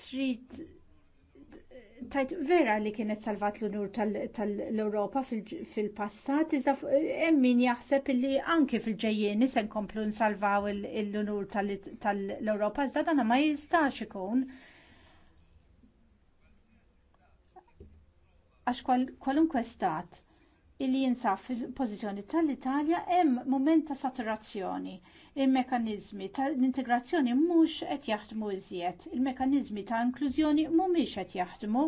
trid tajt vera li kienet salvat l-unur tal-Europa fil-passat, iżda min jaħseb li anke fil-ġejjeni se nkomplu nsalvaw l-unur tal-Europa, iżda dana ma jistax ikun. Għax kwalunkwe stat illi jinsab fil-pożizzjoni tal-Italja hemm mument ta' saturazzjoni. Il-mekanizmi tal-integrazzjoni mhux qed jaħdmu iżjed, il-mekanizmi ta' inklużjoni mhumiex qed jaħdmu.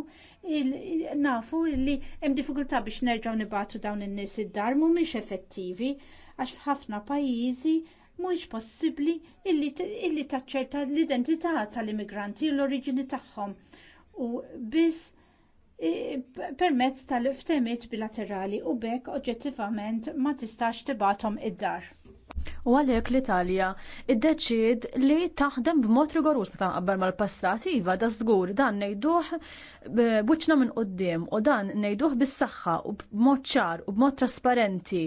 Nafu li hemm diffikultà biex nerġgħu nibatu dawn in-nies id-dar mhumiex effettivi għax f'ħafna pajjiżi mhux possibbli illi taċċerta l-identità tal-immigranti u l-oriġini tagħhom. U biss permezz tal-ftemiet bilaterali u bekk oġġettivament ma tistax tibatom id-dar. U għalhekk l-Italja iddeċied li taħdem b'mod rigorus meta qabel mal-passat iva da żgur dan ngħiduh b'wiċċna minn quddiem u dan ngħiduh bis-saħħa u b'mod ċar u b'mod trasparenti.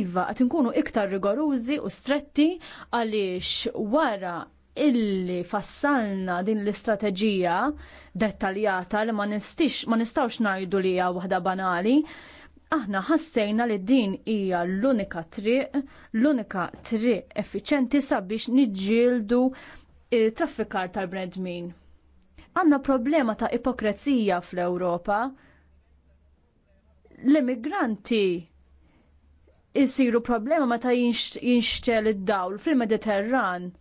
Iva qed inkunu iktar rigorużi u stretti għaliex wara illi fassalna din l-istrateġija dettaljata li ma nistix ma nistawx ngħidu li hija waħda banali. Aħna ħassejna li din hija l-unika triq, l-unika triq effiċenti sabiex niġġieldu traffikar tal-bnedmin. Għanna problema ta' ipokrezija fl-Ewropa. L-immigranti jisiru problema meta jinxtel id-dawl fil-Mediterran.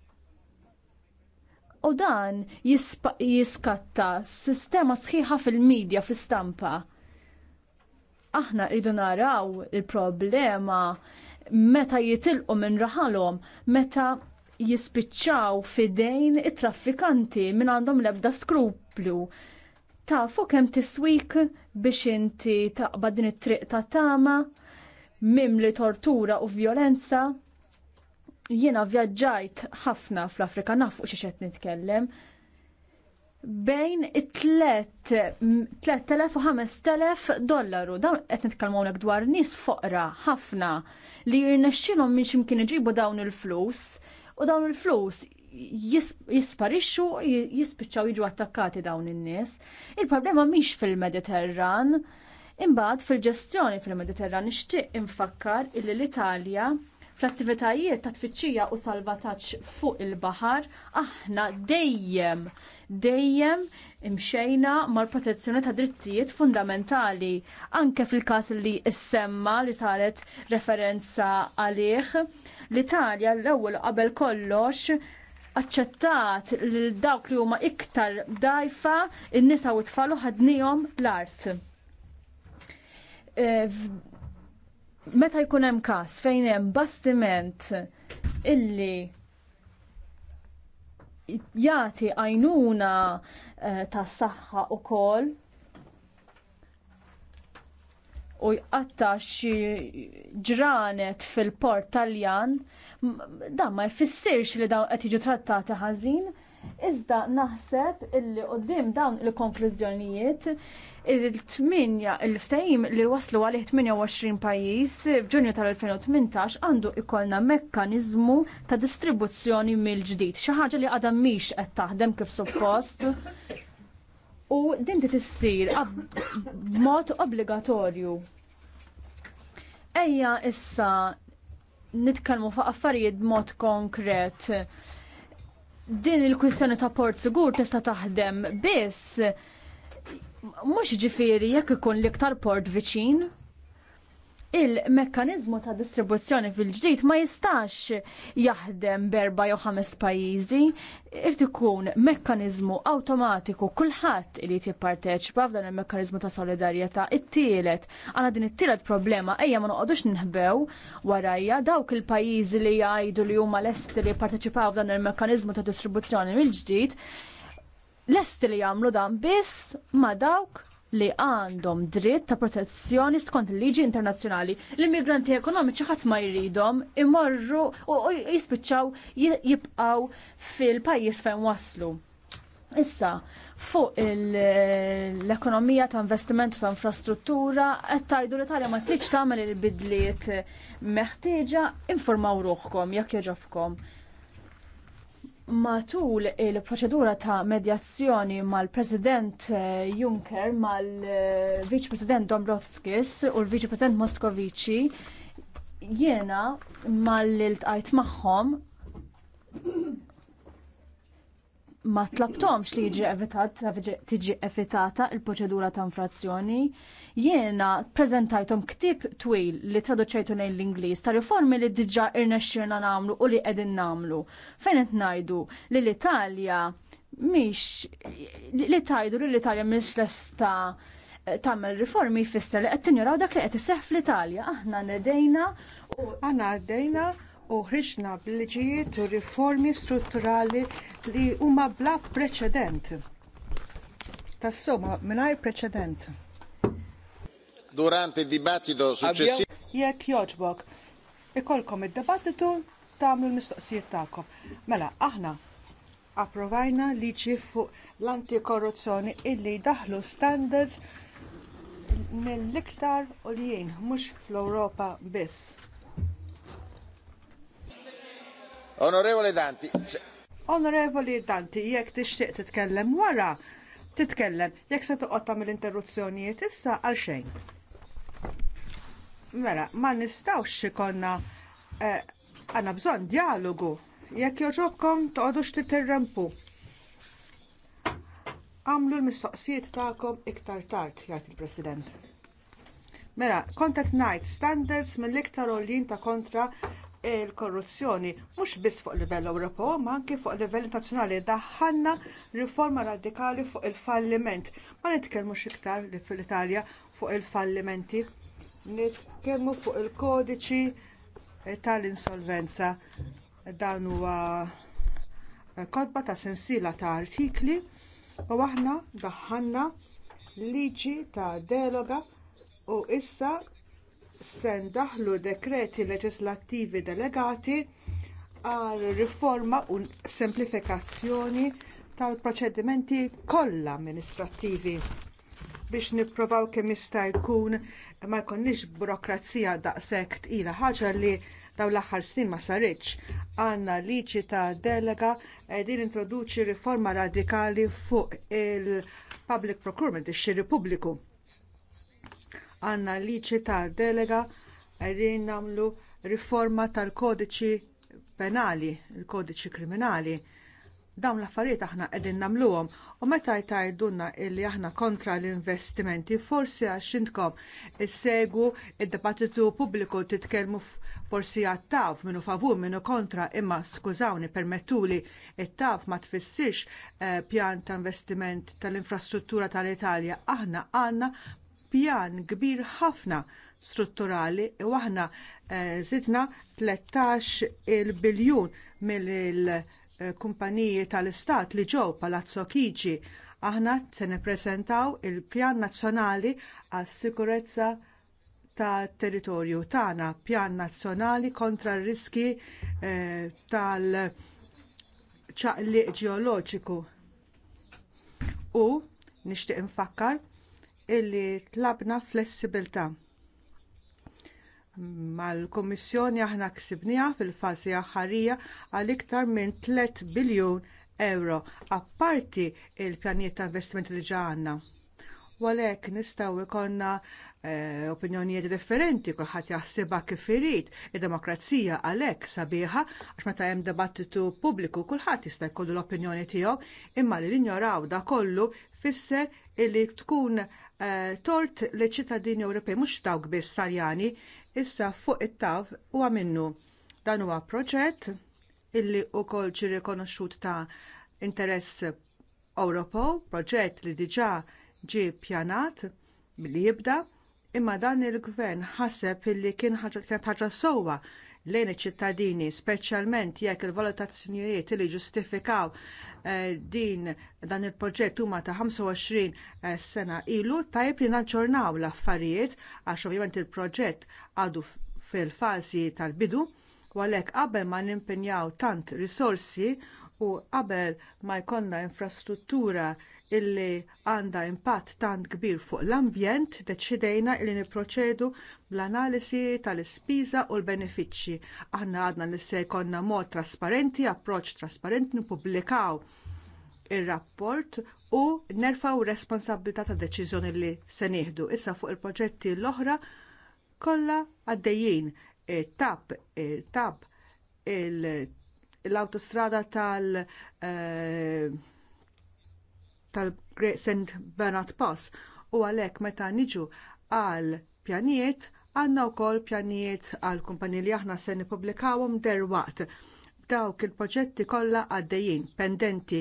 U dan jiskatta sistema sħiħa fil-medja, fil-stampa. Aħna rridu naraw il-problema meta jitilqu minn raħalhom, meta jispiċċaw fidejn it-traffikanti minn għandhom l-ebda skruplu tafu hemm tiswik biex inti taqbad din it-triq ta' tama, mim li tortura u violenza, jiena vjaġġajt ħafna fl-Afrika nafu fuq xi qed nitkellem. Bejn 3000 u 5000 dollaru, dawn qed nitkellmu hawnhekk dwar nies foqra ħafna li jirnexxinhom minn x'imkien iġibu dawn il-flus u dawn il-flus jisparixxu jispiċċaw jiġu attakkati dawn in-nies. Il-problema mhix fil-Mediterran, imbagħad fil-ġestjoni fil-Mediterran nixtieq infakkar illi l-Italja Fl-attivitajiet ta' tfittxija u salvataġġ fuq il-baħar aħna dejjem dejjem imxejna mal-protezzjoni ta' drittijiet fundamentali anke fil-każ li issemma li saret referenza għalih l-Italja l-ewwel qabel kollox aċċettat li dawk li huma iktar dajfa n nisa u t-tfal ħadnihom l-art. Eh, meta jkun hemm każ fejn hemm bastiment illi jagħti għajnuna eh, tas saħħa wkoll u jqatta xi ġranet fil-port Taljan, dan ma jfissirx li dawn qed jiġu trattati ħażin, iżda naħseb illi qudiem dawn il-konklużjonijiet il-tminja il-ftajim li waslu għalih 28 pajis f'ġunju tal-2018 għandu ikolna mekkanizmu ta' distribuzzjoni mill-ġdid. Xi ħaġa li għadha mhix qed taħdem kif suppost u din tissir b'mod obbligatorju. Ejja issa nitkellmu fuq affarijiet b'mod konkret. Din il-kwistjoni ta' port sigur tista' taħdem biss mhux ġifieri jekk ikun l-iktar port viċin, il-mekkanizmu ta' distribuzzjoni fil-ġdid ma jistax jaħdem berba jew ħames pajjiżi, irid ikun mekkaniżmu awtomatiku kulħadd li jipparteċipa f'dan il-mekkaniżmu ta' solidarjetà. It-tielet, għandna din it-tielet problema ejja ma noqogħdux nħbew warajja dawk il-pajjiżi li jgħidu li huma lesti li jipparteċipaw f'dan il-mekkaniżmu ta' distribuzzjoni mill-ġdid lest li jagħmlu dan biss ma' dawk li għandhom dritt ta' protezzjoni skont il-liġi internazzjonali. L-immigranti ekonomiċi ħadd ma jridhom imorru u jispiċċaw jibqgħu fil-pajjiż fejn waslu. Issa, fuq l-ekonomija ta' investiment ta' infrastruttura, qed tgħidu l-Italja ma tridx tagħmel il-bidliet meħtieġa, informaw ruħkom jekk jogħġobkom. Matul il-proċedura ta' medjazzjoni mal-President eh, Juncker, mal-Vice President Dombrovskis u l-Vice President Moskovici, jiena mal-iltqajt magħhom ma tlabtomx li jiġi evitat, tiġi evitata il-proċedura ta' infrazzjoni. Jiena prezentajtom ktib twil li traduċejtu lejn l-Ingliż ta' riformi li diġà irnexxirna namlu u li qegħdin namlu. Fejn qed ngħidu li l-Italja mhix li tajdu li l-Italja mhix lesta tagħmel riformi jfisser li qed tinjoraw dak li qed iseħħ fl-Italja. Aħna nedejna u aħna għaddejna u ħriġna b'liġijiet u riformi strutturali li huma bla preċedent. Tassoma, mingħajr preċedent. Durante dibattito successivo. Jekk jogħġbok, ikolkom id-dibattitu tagħmlu l-mistoqsijiet tagħkom. Mela, aħna approvajna liġi fuq l-antikorruzzjoni illi daħlu standards mill-iktar u mhux fl-Ewropa biss Onorevoli Danti. Onorevoli Danti, jekk tixtieq titkellem wara, titkellem. Jekk se toqgħod tagħmel interruzzjonijiet issa għal xejn. Mela, ma nistgħux ikonna eh, għandna bżonn dialogu. Jekk joġobkom toqgħodux titirrempu. Għamlu l-mistoqsijiet tagħkom iktar tard, jgħid il-President. Mela, kontet ngħid standards mill-iktar ta' kontra il-korruzzjoni mhux biss fuq livell Ewropew ma anke fuq livell nazzjonali daħħalna riforma radikali fuq il-falliment. Ma nitkellmux iktar li fil-Italja fuq il-fallimenti. Nitkellmu fuq il-kodiċi eh, tal-insolvenza. Dan huwa eh, kodba ta' sensiela ta' artikli u aħna daħħalna liġi ta' deloga u issa se ndaħlu dekreti leġislattivi delegati għal riforma u semplifikazzjoni tal-proċedimenti kollha amministrattivi biex nipprovaw kemm jista' jkun ma jkunniex burokrazija daqshekk tqila ħaġa li dawn l-aħħar snin ma saritx. Għandna liġi ta' delega qegħdin introduċi riforma radikali fuq il-public procurement, ix-xiri pubbliku għandna liċi ta' delega qegħdin nagħmlu riforma tal-kodiċi penali, il-kodiċi kriminali. Dawn l-affarijiet aħna qegħdin nagħmluhom u meta jtajdunna illi aħna kontra l-investimenti forsi għax intkom issegwu id-dibattitu pubbliku titkellmu forsi għattaf minu favur minu kontra imma skużawni permettuli t taf ma tfissirx eh, pjan ta' investiment tal-infrastruttura tal-Italja aħna għandna pjan kbir ħafna strutturali u aħna eh, zidna 13 il-biljun mill-kumpaniji eh, tal-istat li ġew Palazzo Chigi. Aħna se nippreżentaw il-Pjan Nazzjonali għas sikurezza tat territorju tagħna, pjan nazzjonali kontra r-riski eh, tal-ċaqliq ġeoloġiku. U nixtieq infakkar illi tlabna flessibilità. Mal-Kommissjoni aħna ksibniha fil fazi aħħarija għal iktar minn 3 biljun euro, apparti l pjanijiet ta' investimenti li ġaħna. Walek nistgħu jkollna eh, opinjonijiet differenti, kulħadd jaħsibha kif irid, id-demokrazija għalhekk sabiħa għax meta hemm dibattitu pubbliku kulħadd jista' jkollu l-opinjoni tiegħu, imma li l-ignoraw da kollu fisser illi tkun Eh, tort li ċittadini Ewropej mhux dawk biss Taljani issa fuq it-tav huwa minnu. Dan huwa proġett illi wkoll ġie rikonoxxut ta' interess Ewropew, proġett li diġà ġie ppjanat billi jibda imma dan il-gvern ħaseb illi kien ħaġa sowa ħaġa sewwa lejn iċ-ċittadini, speċjalment jekk il-valutazzjonijiet li ġustifikaw eh, din dan il-proġett huma ta' 25 eh, sena ilu tajjeb li naġġornaw l-affarijiet għax ovvjament il-proġett għadu fil-fażi tal-bidu u għalhekk qabel ma nimpenjaw tant risorsi u qabel ma jkollna infrastruttura illi għandha impatt tant kbir fuq l-ambjent, deċidejna illi nipproċedu bl-analisi tal-ispiża u l-benefiċċji. Aħna għadna li se jkollna mod trasparenti, approċċ trasparenti, nippubblikaw ir-rapport u nerfaw responsabilità ta' deċiżjoni li se nieħdu. Issa fuq il-proġetti l-oħra kollha għaddejjin tab tab l-autostrada tal- uh, tal-Great St. Bernard Pass u għalhekk meta niġu għal pjanijiet għandna wkoll pjanijiet għal kumpanji li aħna se nippubblikawhom derwaqt. Dawk il-proġetti kollha għaddejjin, pendenti.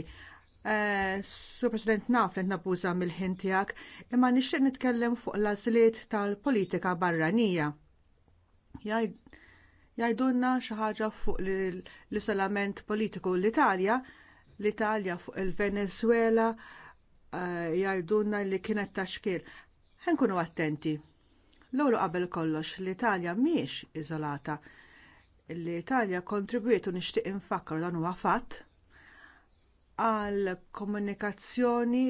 Uh, Sur President naf li nabuża mill-ħin tiegħek imma nixtieq nitkellem fuq l-għażliet tal-politika barranija. Jaj xi ħaġa fuq l-isolament politiku l-Italja, l-Italja fuq il venezwela Eh, jgħidulna li kienet taxkir. Ħenkunu attenti. l qabel kollox l-Italja mhijiex iżolata. L-Italja kontribwiet u nixtieq infakkar dan huwa fatt għal komunikazzjoni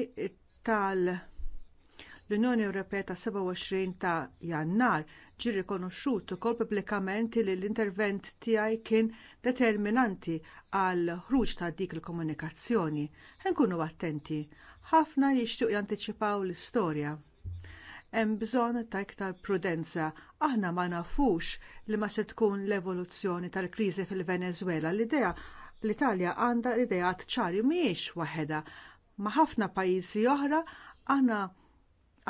tal- l-Unjoni Ewropea ta' 27 ta' Jannar ġie rikonoxxut ukoll pubblikament li l-intervent tiegħi kien determinanti għal ħruġ ta' dik il-komunikazzjoni. Nkunu attenti, ħafna jixtiequ janteċipaw l-istorja. Hemm bżonn ta' iktar prudenza. Aħna ma nafux li ma se tkun l-evoluzzjoni tal-kriżi fil-Venezuela. L-idea l-Italja għandha l-idea ċari mhijiex waħedha. Ma' ħafna pajjiżi oħra aħna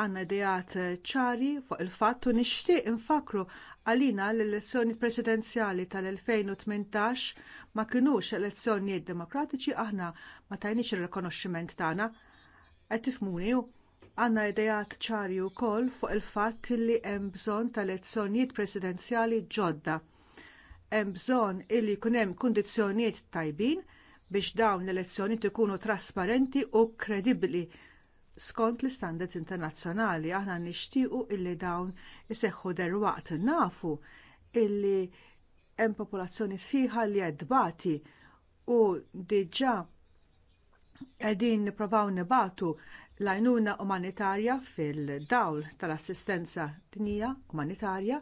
għandna ideat ċari fuq il-fatt u nixtieq infakru għalina l-elezzjoni presidenzjali tal-2018 ma kinux elezzjonijiet demokratiċi aħna ma tajniex ir-rikonoxximent tagħna. Qed tifmuni għandna ideat ċari wkoll fuq il-fatt li hemm bżonn ta' elezzjonijiet presidenzjali ġodda. Hemm bżonn illi jkun hemm kundizzjonijiet tajbin biex dawn l-elezzjonijiet ikunu trasparenti u kredibbli skont l istandards internazzjonali aħna nixtiequ illi dawn iseħħu derwaqt nafu illi hemm popolazzjoni sħiħa li qed għedbati u diġà qegħdin nippruvaw nibatu l-għajnuna umanitarja fil-dawl tal-assistenza dinija umanitarja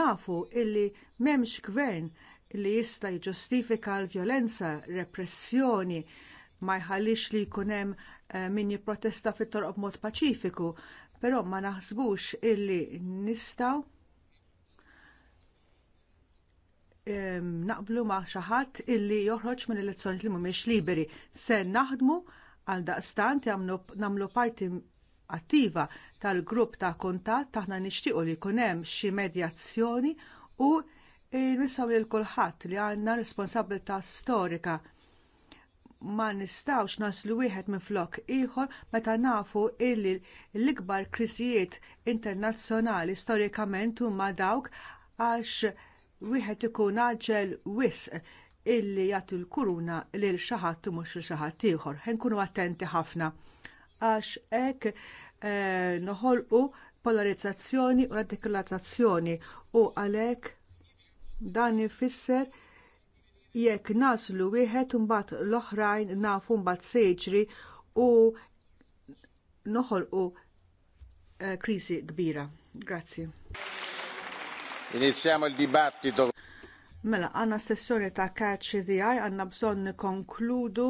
nafu illi m'hemmx gvern li jista' jiġġustifika l-vjolenza, repressjoni, ma jħallix li jkun hemm Eh, min jipprotesta fit-torq mod paċifiku, però ma naħsbux illi nistaw naqblu ma' xi ħadd illi joħroġ minn elezzjoni li mhumiex liberi. Se naħdmu għal daqstant nagħmlu parti attiva tal-grupp ta' kuntatt taħna nixtiequ li jkun hemm xi medjazzjoni u li eh, lil kulħadd li għandna responsabilità storika ma nistawx naslu wieħed minn flok ieħor meta nafu illi l-ikbar krisijiet internazzjonali storikament huma dawk għax wieħed ikun aġel wisq illi jagħtu l-kuruna lil xi ħadd u mhux xi ħadd ieħor. Ħenkunu attenti ħafna għax hekk eh, noħolqu polarizzazzjoni u radikalizzazzjoni u għalhekk dan ifisser jekk naslu wieħed imbagħad l-oħrajn nafu mbagħad sejġri u noħolqu eh, kriżi kbira. Grazzi. Iniziamo il dibattito. Mela, għanna sessjoni ta' kaċ di għaj, għanna bżon konkludu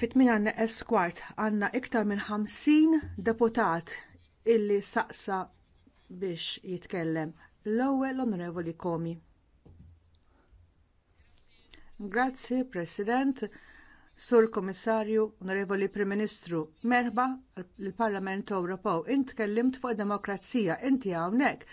fit-min għanna eskwart għanna iktar minn 50 deputat illi saqsa biex jitkellem l-ewwel onorevoli komi. Grazzi, President, Sur Komissarju, Onorevoli Prim Ministru, merba l-Parlament Ewropew. Int kellimt fuq demokrazija, inti hawnhekk.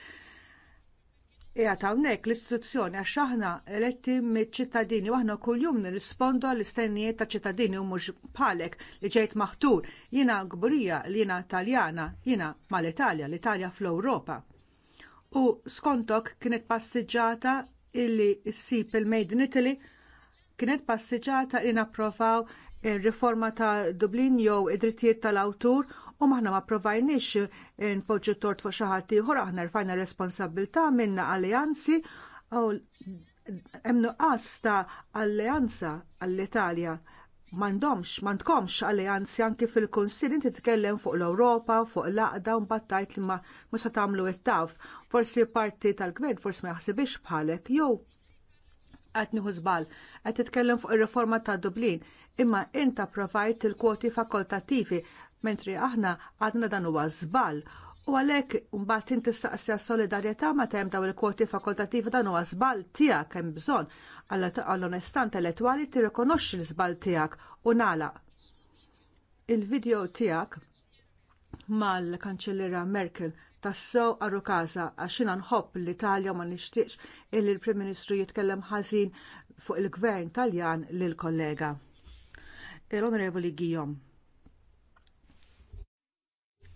E hawnhekk l-istituzzjoni għax aħna eletti miċ ċittadini u aħna kuljum nirrispondu għall-istennijiet ta' ċittadini u mhux bħalek li ġejt maħtur. Jiena gburija li jiena Taljana, jiena mal-Italja, l-Italja fl-Ewropa u skontok kienet passiġġata illi s-sip il-Made in Italy kienet passiġata li napprovaw il riforma ta' Dublin jew id-drittijiet tal-awtur u maħna ma provajniex poġġu tort fuq xi ħadd ieħor aħna rfajna responsabilità minna alleanzi u hemm nuqqas ta' alleanza għall-Italja. M'għandhomx, m'għandkomx alleanzi anki fil konsil inti titkellem fuq l-Ewropa, fuq l-aqda u battajt li ma se tagħmlu it taf Forsi parti tal-gvern forsi ma jaħsibix bħalek jew qed nieħu żball qed titkellem fuq ir-riforma ta' Dublin, imma inta provajt il-kwoti fakultattivi, mentri aħna għadna dan huwa żball U għalhekk mbagħad inti s solidarjetà ma temm daw il-kwoti fakultativi dan huwa żball tiegħek hemm bżonn għall-onestà intellettwali tirrikonoxxi l-żball tiegħek u nagħlaq. Il-video tiegħek mal-Kanċellira Merkel tassew għarru kaza għaxina nħobb l-Italja ma nishtiqx illi l-Prim Ministru jitkellem ħażin fuq il-Gvern Taljan lil kollega. Il-Onorevoli Gijom.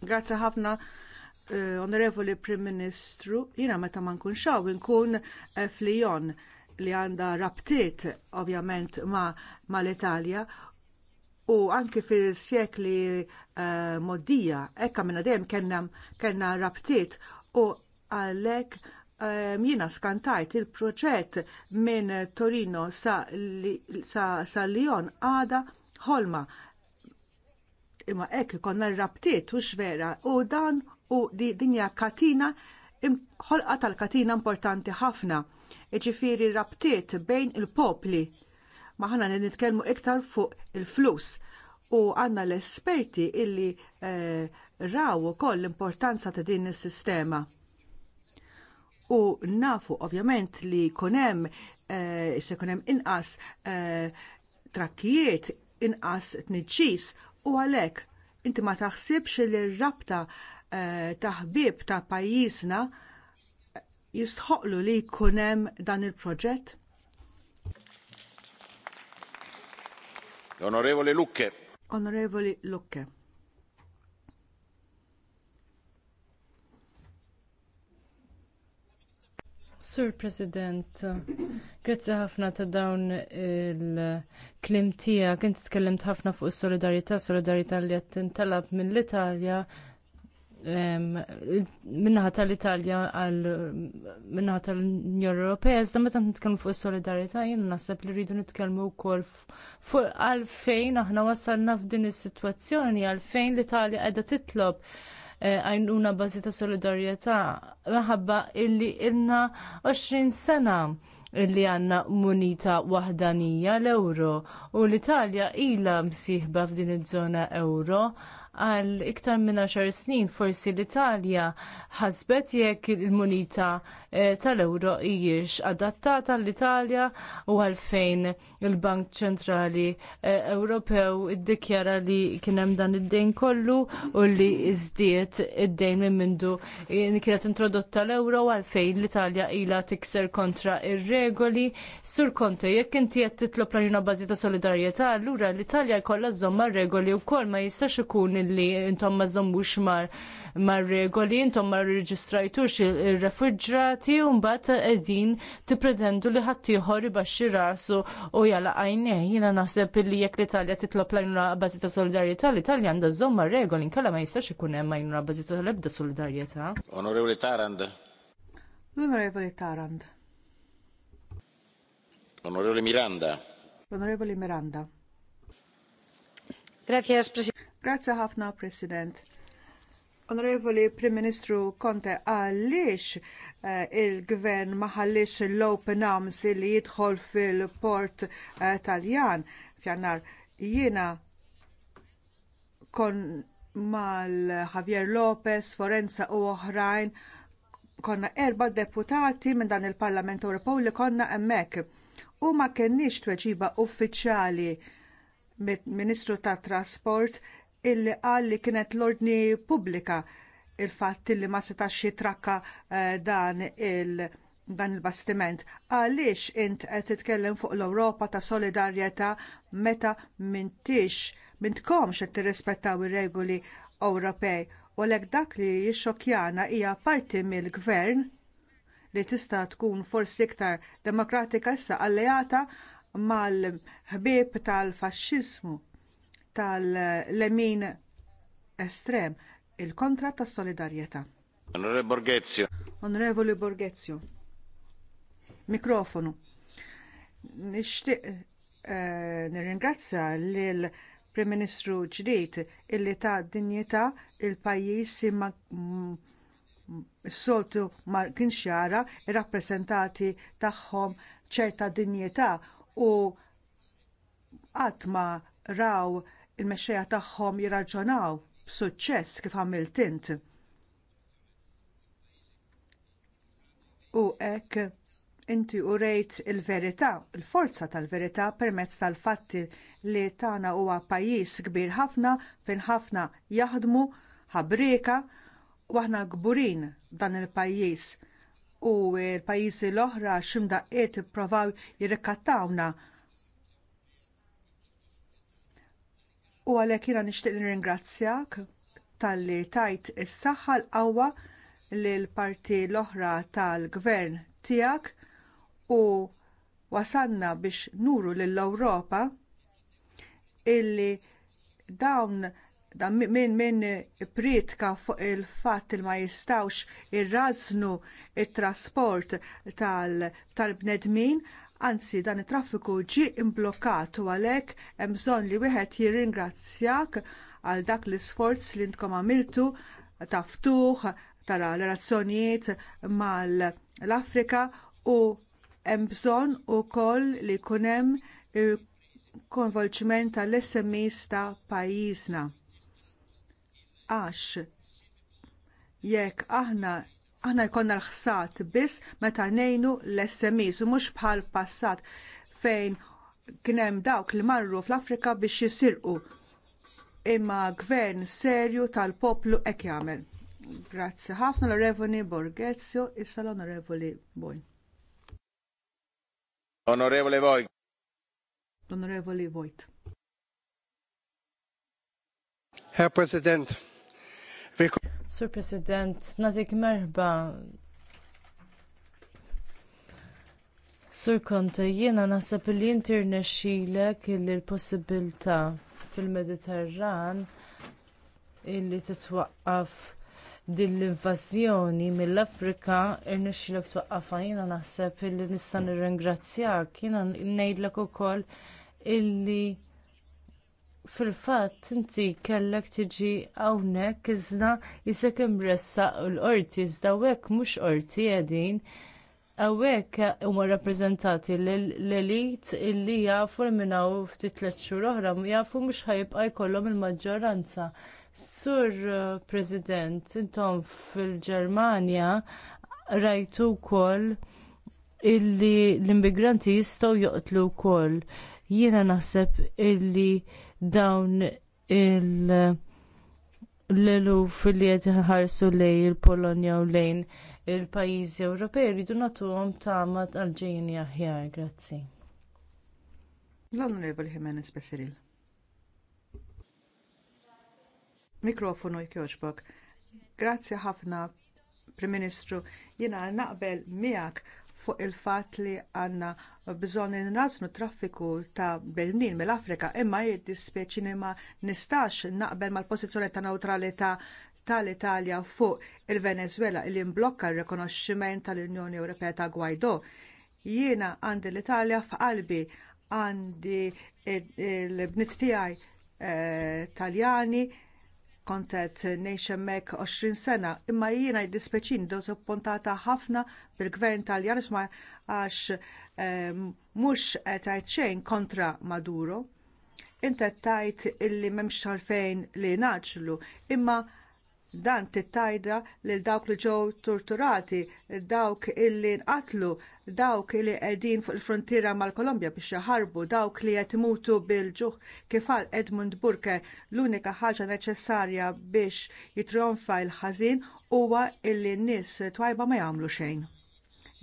Grazzi ħafna eh, Onorevoli Prim Ministru, jina meta ma nkun xaw, nkun eh, flijon li għanda rabtiet ovvjament ma, ma l-Italja u anki fil-sjekli uh, eh, moddija, ekka minna dem kellna rabtiet u għalhekk um, ehm, jina skantajt il-proġett minn Torino sa, li, sa, sa Lyon għada ħolma imma ekki konna rabtiet u xvera u dan u di dinja katina ħolqa tal-katina importanti ħafna. Iġifiri rabtiet bejn il-popli ma ħana nitkellmu iktar fuq il-flus u għanna l-esperti illi eh, raw ukoll l-importanza ta' din is-sistema. U nafu ovvjament li kunem eh, se kunem inqas eh, trakkijiet, inqas tniġġis u għalek inti ma taħsibx li r-rabta ta' taħbib ta' pajjiżna jistħoqlu li jkun hemm dan il-proġett? Onorevole Lucke. Onorevoli Lucke. Sur President, grazzi ħafna ta' dawn il-klim tijak, inti tkellimt ħafna fuq is solidarjetà li qed tintalab mill-Italja minnaħa tal-Italja għal minnaħa tal-Unjoni Ewropea, iżda meta nitkellmu fuq is-solidarità jien naħseb li rridu nitkellmu wkoll fuq għalfejn aħna wasalna f'din is-sitwazzjoni għalfejn l-Italja qiegħda titlob eh, għajnuna bażi ta' solidarjetà minħabba illi ilna 20 sena illi għanna munita waħdanija l ewro u l-Italja ilha msieħba f'din iż-żona euro għal iktar minn 10 snin forsi l-Italja ħasbet jekk il-munita Eh, tal-euro hijiex adattata l-Italja u għalfejn il-Bank Ċentrali eh, Ewropew iddikjara li kien hemm dan id-dejn kollu u li żdiet id-dejn minn mindu kienet introdotta l-euro għalfejn l-Italja ilha tikser kontra ir-regoli sur konta jekk inti qed titlob l bażi ta' solidarjetà allura l-Italja jkollha żomma regoli wkoll ma jistax ikun li intom ma żommux mar mar-regoli, intom ma rreġistrajtux ir-refuġrati u mbagħad qegħdin tippretendu li ħaddieħor ieħor ibaxxi rasu u jala għajnejn. Jiena naħseb li jekk l-Italja titlob lajnuna bażi ta' solidarjetà, l-Italja għandha żomm mar-regoli inkella ma jistax ikun hemm għajnuna bażi ta' l-ebda solidarjetà. Onorevoli Tarand. Onorevoli Tarand. Onorevoli Miranda. Onorevoli Miranda. Grazie, Presidente. Grazie ħafna, President. Onorevoli Prim Ministru Conte, għaliex eh, il-gvern maħallix l-open arms li jidħol fil-port eh, Taljan fjannar jiena kon mal Javier Lopez, Forenza u oħrajn konna erba deputati minn dan il-Parlament Ewropew li konna hemmhekk. U ma kenniex tweġiba uffiċjali mit-Ministru tat Trasport illi qal li kienet l-ordni pubblika il-fatt li ma setax jitrakka eh, dan il- dan il-bastiment. Għaliex int qed titkellem fuq l-Ewropa ta' solidarjetà meta mintix mintkomx qed tirrispettaw ir-regoli Ewropej. U lek dak li jixxokjana hija parti mill-gvern li tista' tkun forsi iktar demokratika issa alleata mal-ħbieb tal faxxismu tal-lemin estrem, il-kontra tas solidarjetà. Onorevole Borghezio. Onorevoli Borghezio. Mikrofonu. Nixtieq eh, nirringrazzja lil Prim Ministru ġdid illi ta' dinjità il-pajjiż ma mm, s-soltu ma kinxjara jara ir tagħhom ċerta dinjeta u qatt ma raw il-mexxejja tagħhom jirraġunaw b'suċċess kif għamilt int. U hekk inti u il-verità, il-forza tal-verità permezz tal-fatti li tagħna huwa pajjiż kbir ħafna fejn ħafna jaħdmu ħabrika u aħna kburin dan il-pajjiż u l-pajjiżi l-oħra x'imdaqqiet ippruvaw jirrikattawna u għalhekk jiena nixtieq nirringrazzjak talli tajt is-saħħa l-qawwa lill parti l-oħra tal-gvern tiegħek u wasanna biex nuru lill-Ewropa illi dawn dan minn min pritka fuq il-fatt il ma jistawx irraznu il t trasport tal-bnedmin tal Anzi, dan it-traffiku ġie mblukkat u għalhekk hemm bżonn li wieħed jirringrazzjak għal dak l-isforz li intkom għamiltu ta' ftuħ tara relazzjonijiet mal-Afrika u hemm bżonn ukoll li jkun hemm konvolġiment tal-SMEs ta' pajjiżna. Għax jekk aħna aħna jkollna l-ħsat biss meta ngħinu l-SMEs u mhux bħal passat fejn kien hemm dawk li marru fl-Afrika biex jisirqu imma gvern serju tal-poplu hekk jagħmel. Grazzi ħafna l-Onorevoli Borghezio, issa l-Onorevoli Boj. Onorevole l Onorevoli Vojt. Herr President, Sur President, natik merba. Sur Konte, jiena naħseb li inti rnexxilek li l-possibilità fil-Mediterran illi titwaqqaf din l-invażjoni mill-Afrika irnexxilek twaqqafa jiena naħseb illi nista' nirringrazzjak, jiena ngħidlek ukoll illi fil-fatt inti kellek tiġi hawnhekk iżda jisek imressa l-qorti iżda hekk mhux qorti qegħdin hawnhekk huma rappreżentati l-elit illi jafu minn hawn ftit tliet xhur oħra jafu mhux ħajjibqa' jkollhom il-maġġoranza. Sur uh, President, intom fil-Ġermanja rajtu wkoll illi l-immigranti jistgħu joqtlu wkoll. Jiena naħseb illi dawn il- l lu fil qed ħarsu lejn il-Polonja u lejn il pajjiżi Ewropej rridu nagħtuhom tama għal-ġejjin aħjar, grazzi. L-Onorevoli Jimenez Beseril. Mikrofonu jkjoġbok. Grazzi ħafna, Prim Ministru, jina naqbel miak fuq il fatt li għandna bżonn t traffiku ta' belmin mill-Afrika imma jiddispjaċini ma nistax naqbel mal-pożizzjoni ta' neutralità tal-Italja fuq il-Venezuela li mblokka r rikonoxximent tal-Unjoni Ewropea ta' Guaidó. Jiena għandi l-Italja f'qalbi għandi l bnit tiegħi eh, Taljani kontet nejxemmek 20 sena, imma jiena jiddispeċin do soppontata ħafna bil-gvern tal-Janis ma għax eh, mux tajt xejn kontra Maduro. Inta tajt illi memx xalfejn li naċlu, imma dan tittajda lil dawk li ġew torturati, dawk illi nqatlu dawk li qegħdin fuq il-frontiera mal-Kolombja biex jaħarbu dawk li qed mutu bil-ġuħ kif Edmund Burke l-unika ħaġa neċessarja biex jitrionfa l-ħażin huwa illi n-nies twajba ma jagħmlu xejn.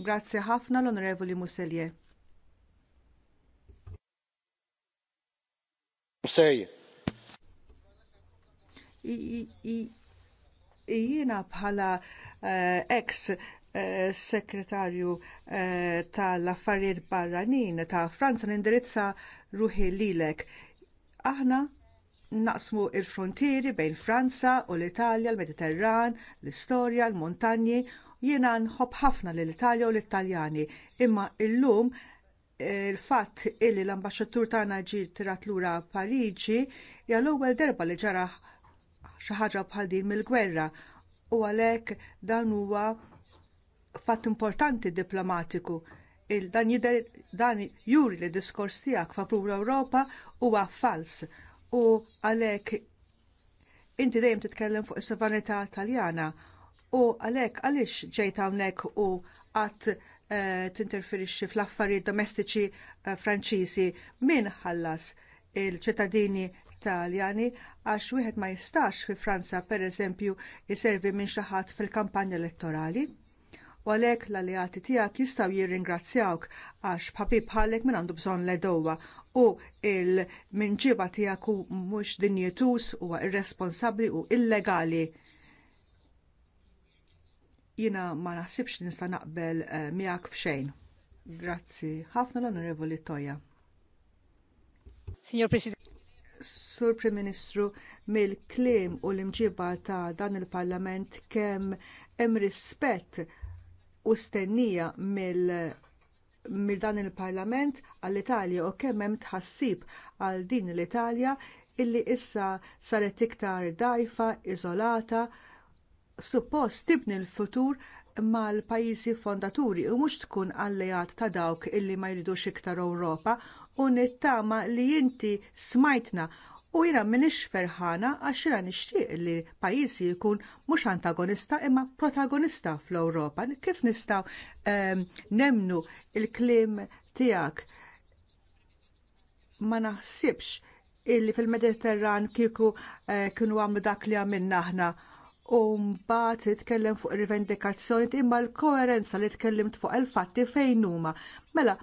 Grazzi ħafna l-Onorevoli Musselje. Jiena bħala eh, ex Eh, segretarju eh, tal-affarijiet barranin ta' Franza nindirizza ruħi lilek. Aħna naqsmu l frontieri bejn Franza u l-Italja, l-Mediterran, l-istorja, l-montanji. Jiena nħobb ħafna l-Italja u l-Italjani, imma illum eh, il-fatt illi l-ambasċatur tagħna ġie tirat lura Pariġi hija l-ewwel darba li ġara xi ħaġa bħal din mill-gwerra u għalhekk dan huwa fatt importanti diplomatiku il dan jider dan juri li diskors tiegħek favur Ewropa huwa fals u għalhekk inti dejjem titkellem fuq is-sovranità Taljana u għalhekk għaliex ġejt hawnhekk u qatt eh, tinterferixxi fl-affarijiet domestiċi eh, Franċiżi min ħallas il-ċittadini Taljani għax wieħed ma jistax fi Franza pereżempju jiservi minn xi ħadd fil-kampanja elettorali u għalhekk l-alleati tiegħek jistgħu jirringrazzjawk għax papi bħalek minn għandu bżonn l-edowa u il-minġiba tiegħek u mhux dinjetus huwa irresponsabbli u illegali. Jiena ma naħsibx nista' naqbel eh, miegħek f'xejn. Grazzi ħafna l-Onorevoli Toja. Signor President. Sur Prim Ministru, mill kliem u l-imġiba ta' dan il-Parlament kemm hemm rispett u stennija mill dan il-Parlament għall-Italja u kemm hemm tħassib għal din l-Italja illi issa saret iktar dajfa, iżolata, suppost tibni l-futur mal-pajjiżi fondaturi u mhux tkun allejat ta' dawk illi ma jridux iktar Ewropa u nittama li inti smajtna U jina minix ferħana għax jiena nixtieq li pajjiżi jkun mhux antagonista imma protagonista fl-Ewropa. Kif nistgħu eh, nemnu il-klim tiegħek ma naħsibx illi fil-Mediterran kiku eh, kienu għamlu dak li għamilna aħna u mbagħad titkellem fuq ir-rivendikazzjoni imma l-koerenza li tkellimt fuq il-fatti fejn huma. Mela,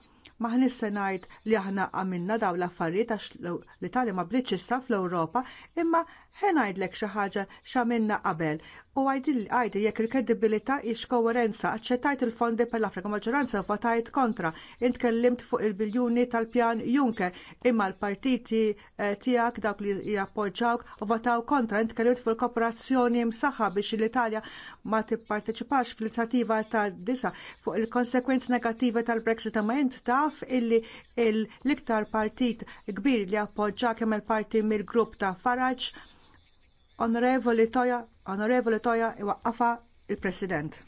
Maħni ngħid li aħna għamilna dawn l-affarijiet għax l-Italja ma bliċ issa fl-Ewropa, imma ħenajdlek xi ħaġa x'għamilna qabel u għajdi jekk il-kredibilità hix koerenza aċċettajt il-fondi per l-Afrika maġġoranza votajt kontra. Intkellimt fuq il-biljuni tal-pjan Juncker imma l-partiti eh, tiegħek dawk li jappoġġawk votaw kontra. Intkellimt fuq il-kooperazzjoni msaħħa biex l-Italja ma tipparteċipax fl-inizjattiva ta' disa fuq il-konsekwenzi negattivi tal-Brexit ma int taf illi l-iktar partit kbir li appoġġa kemm il-parti mill-grupp ta' Farage Onorevoli Toja, Onorevoli Toja iwaqqafa il-President.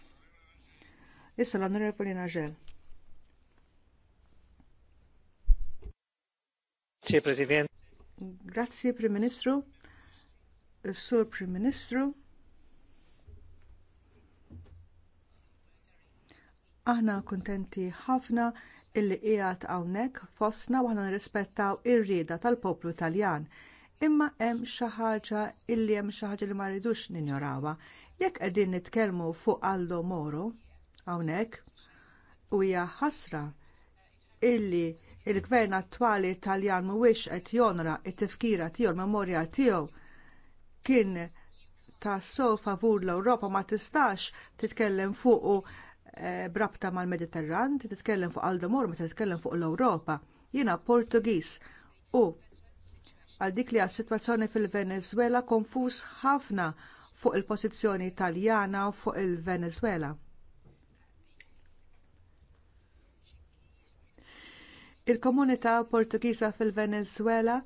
Issa l-Onorevoli Naġel. Grazie, President. Grazie, Prim Ministru. Sur Prim Ministru. Aħna kuntenti ħafna illi qiegħed hawnhekk fostna waħna nirrispettaw ir-rieda tal-poplu Taljan imma hemm xi ħaġa illi hemm xi ħaġa li ma rridux ninjorawha. Jekk qegħdin nitkellmu fuq Aldo Moro hawnhekk u hija ħasra illi l gvern attwali Taljan mhuwiex qed jonra t tifkira tiegħu l-memorja tiegħu kien ta' so favur l-Ewropa ma tistax titkellem fuq eh, brabta mal-Mediterran, titkellem fuq Aldo Moro, ma titkellem fuq l-Ewropa. Jiena Portugiż u għal dik li għas-sitwazzjoni fil-Venezuela konfuż ħafna fuq il-pożizzjoni Taljana fuq il-Venezuela. Il-komunità Portugiża fil-Venezuela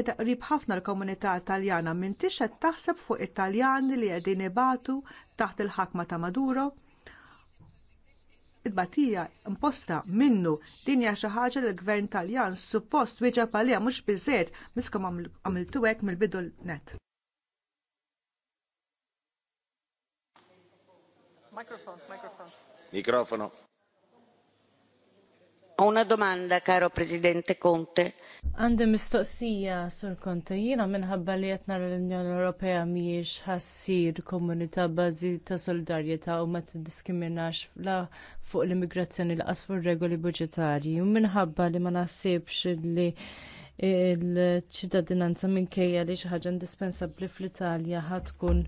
edha qrib ħafna l-komunità Taljana minn tixet taħseb fuq it-Taljani li qegħdin ibatu taħt il-ħakma ta' Maduro il batija imposta minnu din hija xi ħaġa li l-gvern Taljan suppost wieġeb għaliha mhux biżżejjed miskom għamiltu hekk mill-bidu net. Mikrofono. Ho una domanda, caro Presidente Conte. Għandi mistoqsija, Sur Conte, jiena minħabba li qed nara l-Unjoni Ewropea mhijiex ħassir komunità bażi ta' solidarjetà u ma tiddiskriminax la fuq l-immigrazzjoni l qasfu regoli budġetarji u minħabba li ma naħsibx li il-ċittadinanza minkejja li xi ħaġa indispensabbli fl-Italja ħadd kun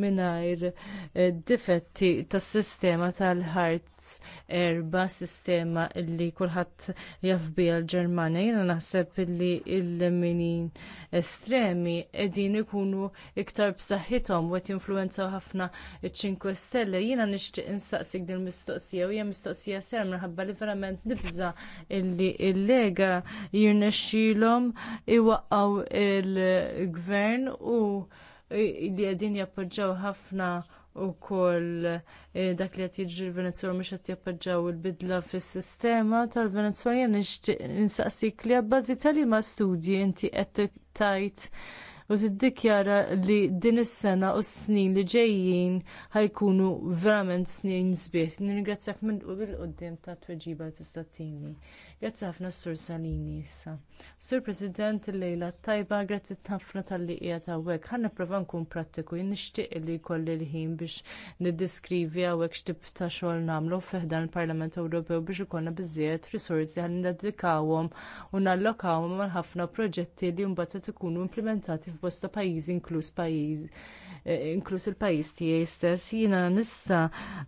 mingħajr eh, difetti tas-sistema tal-Hartz erba sistema li kulħadd jaf biha l-Ġermanja. Jiena naħseb li l-minin estremi qegħdin ikunu iktar b'saħħithom u qed jinfluwenzaw ħafna iċ-5 Stelle. Jiena nixtieq insaqsik din mistoqsija u hija mistoqsija ser minħabba li verament nibża illi l-lega jirnexxielhom għandhom iwaqgħu il-gvern u li qegħdin jappoġġaw ħafna wkoll eh, dak li qed jiġri l-Venezuela mhux qed jappoġġaw il-bidla fis-sistema tal-Venezuela nixtieq insaqsik li abbażi tal-liema studji inti qed tajt u tiddikjara li din is-sena u s-snin li ġejjin ħajkunu verament snin sbieħ. Nirringrazzjak minn bil qoddim ta' tweġiba tista' tini. Grazzi ħafna Sur Salini issa. Sur President Lejla tajba grazzi ħafna tal-li qiegħed hawnhekk. Ħa nipprova nkun prattiku nixtieq li jkolli l-ħin biex niddiskrivi hawnhekk x'tib ta' xogħol nagħmlu fiħdan il-Parlament Ewropew biex ikollna biżżejjed risorsi ħalli niddedikawhom u nallokawhom għal ħafna proġetti li mbagħad ikunu implementati f'bosta pajjiżi inkluż pajjiż inkluż il-pajjiż tiegħi stess, jiena nista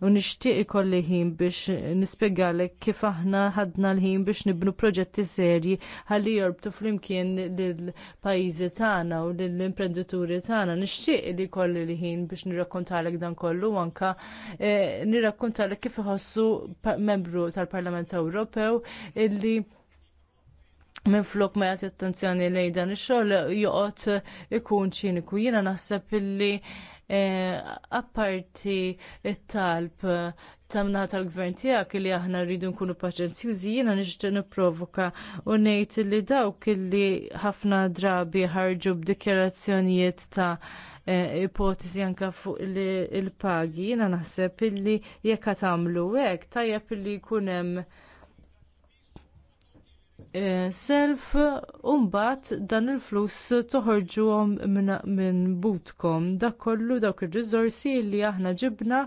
u nixtieq ikolli ħin biex nispjegalek kif aħna ħadna l-ħin biex nibnu proġetti serji ħalli jorbtu flimkien lill-pajjiżi tagħna u lill-imprenditori tagħna. Nixtieq li kolli l-ħin biex nirrakkontalek dan kollu anka eh, nirrakkontalek kif iħossu membru tal-Parlament Ewropew illi minn flok ma jagħti attenzjoni lejn dan ix-xogħol joqgħod ikun ċiniku. Jiena naħseb illi eh, apparti it-talb ta' tamna tal-gvern tiegħek illi aħna rridu nkunu paċenzjużi jiena nixtieq nipprovoka u ngħid li dawk illi ħafna drabi ħarġu b'dikjarazzjonijiet ta' eh, ipotesi anke fuq il-pagi jiena naħseb illi jekk qed tagħmlu hekk tajjeb illi jkun hemm self umbat dan il-flus toħorġuhom minn butkom dak kollu dawk ir rizorsi li aħna ġibna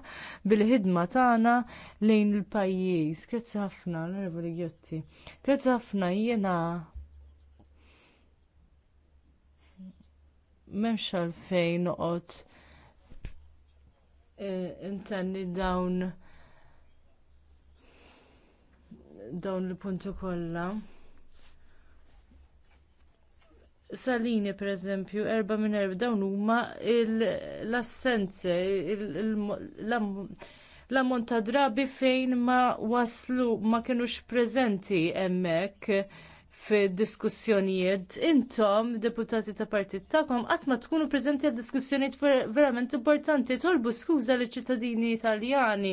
bil-ħidma tagħna lejn il-pajjiż. Grazzi ħafna, l-Onorevoli Gjotti. Grazzi ħafna jiena m'hemmx għalfejn noqgħod eh, intenni dawn dawn il-punti kollha. Salini pereżempju, erba minn erba dawn huma l-assenze, l-ammont ta' drabi fejn ma waslu ma kinux preżenti hemmhekk fid-diskussjonijiet, intom, deputati ta' partit tagħkom qatt ma tkunu preżenti għal diskussjonijiet verament importanti. Tolbu skuża li ċittadini italjani,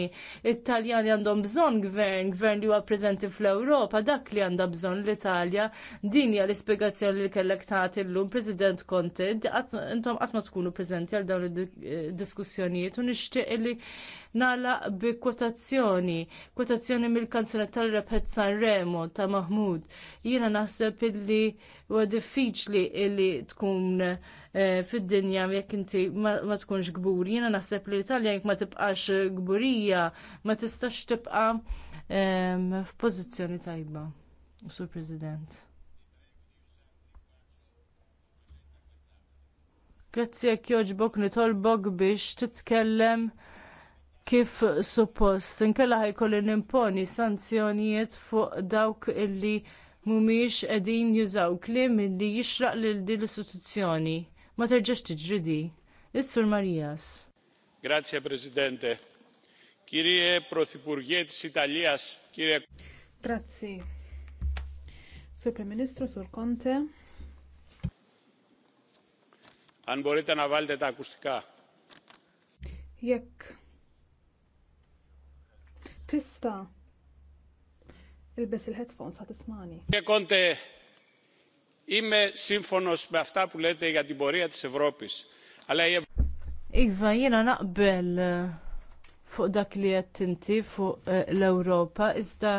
italjani għandhom bżonn gvern, gvern li huwa preżenti fl-Ewropa, dak li għandha bżonn l-Italja. Din hija l-ispjegazzjoni li kellek tagħti llum, President Conte, intom qatt ma tkunu preżenti għal dawn id-diskussjonijiet eh, u nixtieq li nagħlaq bi kwotazzjoni, kwotazzjoni mill-kanzuna tal-Repet Sanremo ta' Mahmud. Jiena naħseb illi huwa diffiċli illi tkun eh, fid-dinja jekk inti ma tkunx gbur. Jiena naħseb li l-Italja jekk ma tibqax gburija, ma tistax tibqa' f'pożizzjoni tajba. Sur President. Grazzi jekk jogħġbok nitolbok biex titkellem kif suppost. Inkella ħajkolli nimponi sanzjonijiet fuq dawk illi mhumiex qegħdin jużaw kliem illi jixraq lil din l-istituzzjoni. Ma terġax tiġridi. Is-Sur Marijas. Grazie Presidente. Kirie Prothipurgie Italijas. kirie Grazzi. Sur Prim Ministru, Sur Conte. Αν μπορείτε να βάλετε τα ακουστικά. Jekk Tista. Ilbes il-headphones ħat ismani. Konte, imme simfonos me afta pu lete għati borija tis Evropis. Iva, jena naqbel fuq dak li jattinti fuq eh, l-Ewropa, iżda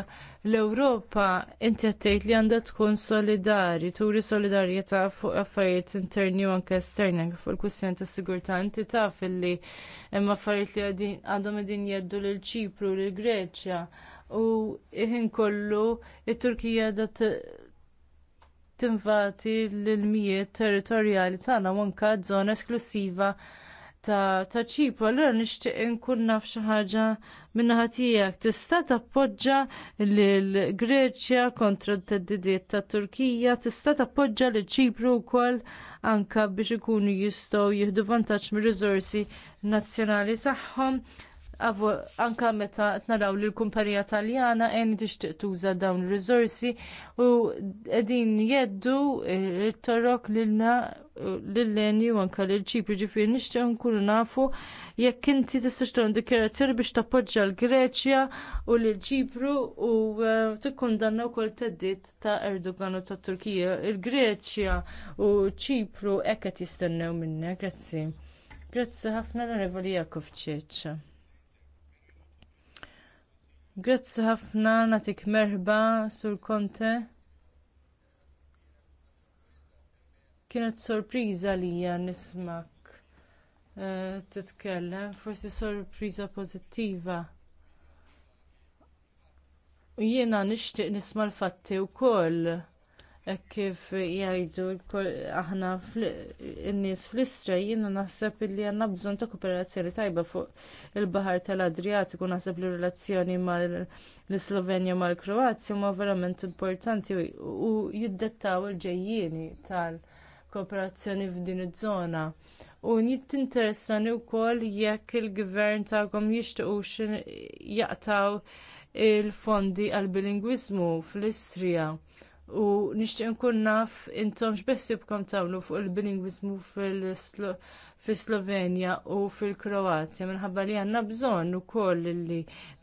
l-Ewropa inti qed tgħid li għandha tkun solidari, turi solidarjetà fuq affarijiet interni u anke esterni anke fuq il-kwistjoni tas sigurtà inti fil-li hemm affarijiet li għadhom edin jeddu l Ċipru l Greċja u ħin kollu il turkija da tinvati l-mijiet territorjali tagħna u anke żona esklusiva ta' ċipru, allura nixtieq inkun naf xi ħaġa min-naħa tiegħek. Tista' tappoġġa lil Greċja kontra t-teddidiet tat Turkija, tista' tappoġġa lil ċipru wkoll anke biex ikunu jistgħu jieħdu vantaġġ mir-riżorsi nazzjonali tagħhom anka meta naraw li l-kumpanija taljana għen tixtieq tuża dawn ir rizorsi u qegħdin jeddu il eh, torok lilna lill-leni u anke l ċipri ġifir nishtiq nkunu nafu jekk inti tistax tagħmel dikjarazzjoni biex tappoġġja l-Greċja u l ċipru u eh, tikkundanna wkoll teddit ta' Erdogan u tat Turkija. Il-Greċja u ċipru hekk qed jistennew minnha. Grazzi. Grazzi ħafna l-Onorevoli Jakov Grazzi ħafna natik merba, sur Konte. Kienet sorpriża li nismak uh, titkellem, forsi sorpriża pożittiva. U jiena nixtieq nisma' l-fatti wkoll kif jgħidu aħna n-nies fl-istra jiena naħseb li għandna bżonn ta' kooperazzjoni tajba fuq il-Baħar tal-Adriatiku naħseb li relazzjoni mal-Slovenja mal-Kroazja huma verament importanti u jiddettaw il-ġejjieni tal-kooperazzjoni f'din iż-żona. U jittinteressani wkoll jekk il-gvern tagħkom jixtiequx jaqtaw il-fondi għall bilingwiżmu fl-Istrija u nixtieq nkun naf intom x'beħsibkom tagħmlu fuq il-bilingwiżmu fil-Slovenja u fil-Kroazja minħabba li għandna bżonn ukoll li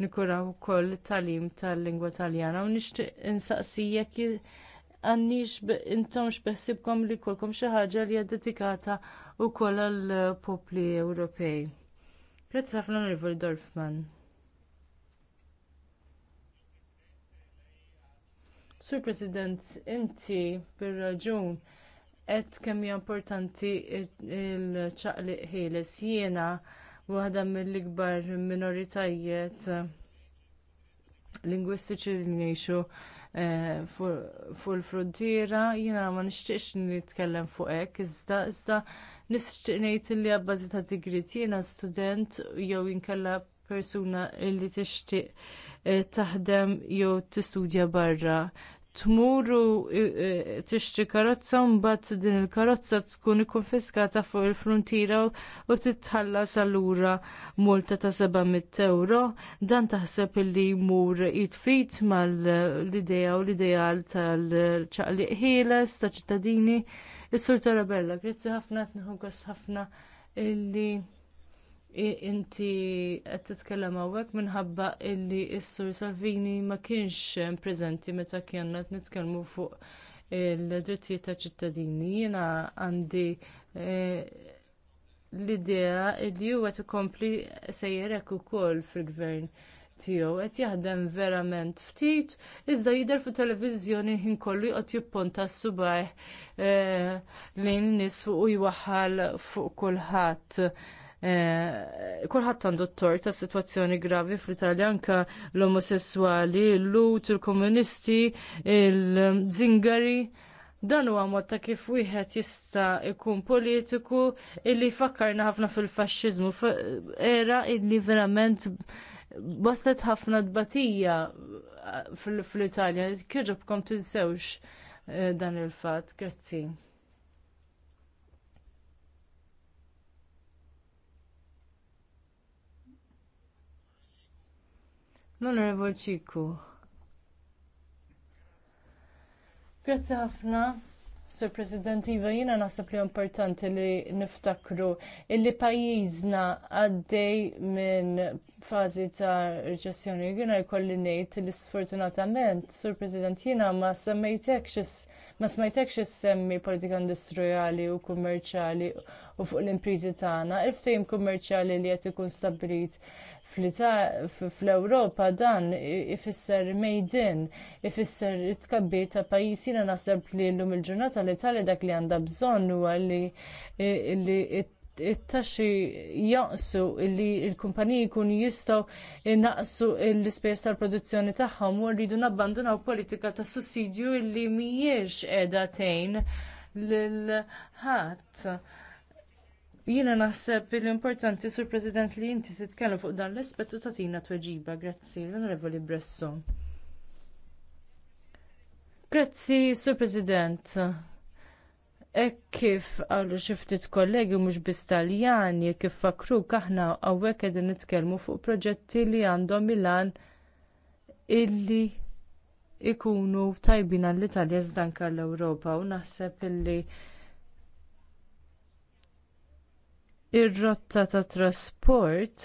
nikuraw ukoll it-talim tal-lingwa Taljana u nixtieq insaqsijek għannix intom xbeħsibkom li kolkom ħaġa li hija dedikata wkoll għall popli Ewropej. Grazzi ħafna Dorfman. Sur President, inti bir-raġun et kem hija importanti il ċaqli ħiles jiena waħda mill-ikbar minoritajiet lingwistiċi li ngħixu eh, fuq il-frontiera jiena ma nixtieqx nitkellem fuq hekk iżda iżda nixtieq ngħid li abbażi ta' digrit jiena student jew inkella persuna li tixtieq eh, taħdem jew tistudja barra. Tmuru tixtri karozza u mbagħad din il-karozza tkun ikkonfiskata fuq il-frontiera u titħallas allura multa ta' 700 euro. Dan taħseb illi jmur jitfit mal-idea u l-ideal tal-ċaqliq ħieles ta' ċittadini. Is-Sur Tarabella, grazzi ħafna, tnħu ħafna illi inti qed titkellem hawnhekk minħabba illi s-Sur Salvini ma kienx eh, preżenti meta kienna qed nitkellmu fuq il-drittijiet ta' ċittadini. Jiena għandi eh, l-idea li huwa tikompli sejjer hekk ukoll fil-gvern tiegħu qed jaħdem verament ftit iżda jidher fuq televiżjoni ħin kollu jqgħod jipponta s-subaħ eh, lejn nies u jwaħħal fuq kulħadd. Eh, kulħadd għandu t-tort ta' situazzjoni gravi fl-Italja anke l-omosessuali, l-lut, il-komunisti, il-zingari. Dan huwa mod ta' kif wieħed jista' jkun politiku illi fakkarna ħafna fil-faxxiżmu era illi verament bastet ħafna tbatija eh, fl-Italja. kom tinsewx eh, dan il-fatt. Grazzi. L-Onorevol Ċiku. Grazzi ħafna. Sir President Iva, jina naħseb li importanti li niftakru illi pajjiżna għaddej minn fażi ta' reċessjoni. Jina jkolli ngħid li sfortunatament, Sur President, jiena ma semmejtekx ma smajtekx semmi politika industrijali u kummerċjali u fuq l-imprizi tagħna, il-ftehim kummerċjali li qed ikun stabbilit fl-Ewropa dan ifisser in ifisser it-tkabbir ta' pajjiż jiena naħseb li llum il-ġurnata li tali dak li għandha bżonn huwa li it-taxxi jaqsu li l-kumpaniji jkunu jistgħu naqsu l-ispejjeż tal-produzzjoni tagħhom u rridu nabbandunaw politika ta' sussidju li mhijiex qiegħda tgħin lil ħadd Jiena naħseb li importanti sur President li inti titkellem fuq dan l-aspett u tagħtina tweġiba. Grazzi, l-Onorevoli Bresso. Grazzi, Sur President. Ek kif għallu xiftit kollegi mux bistaljani kif fakru aħna għawek edin nitkelmu fuq proġetti li għandhom Milan illi ikunu tajbina l italja zdanka l-Europa u naħseb illi ir-rotta ta' trasport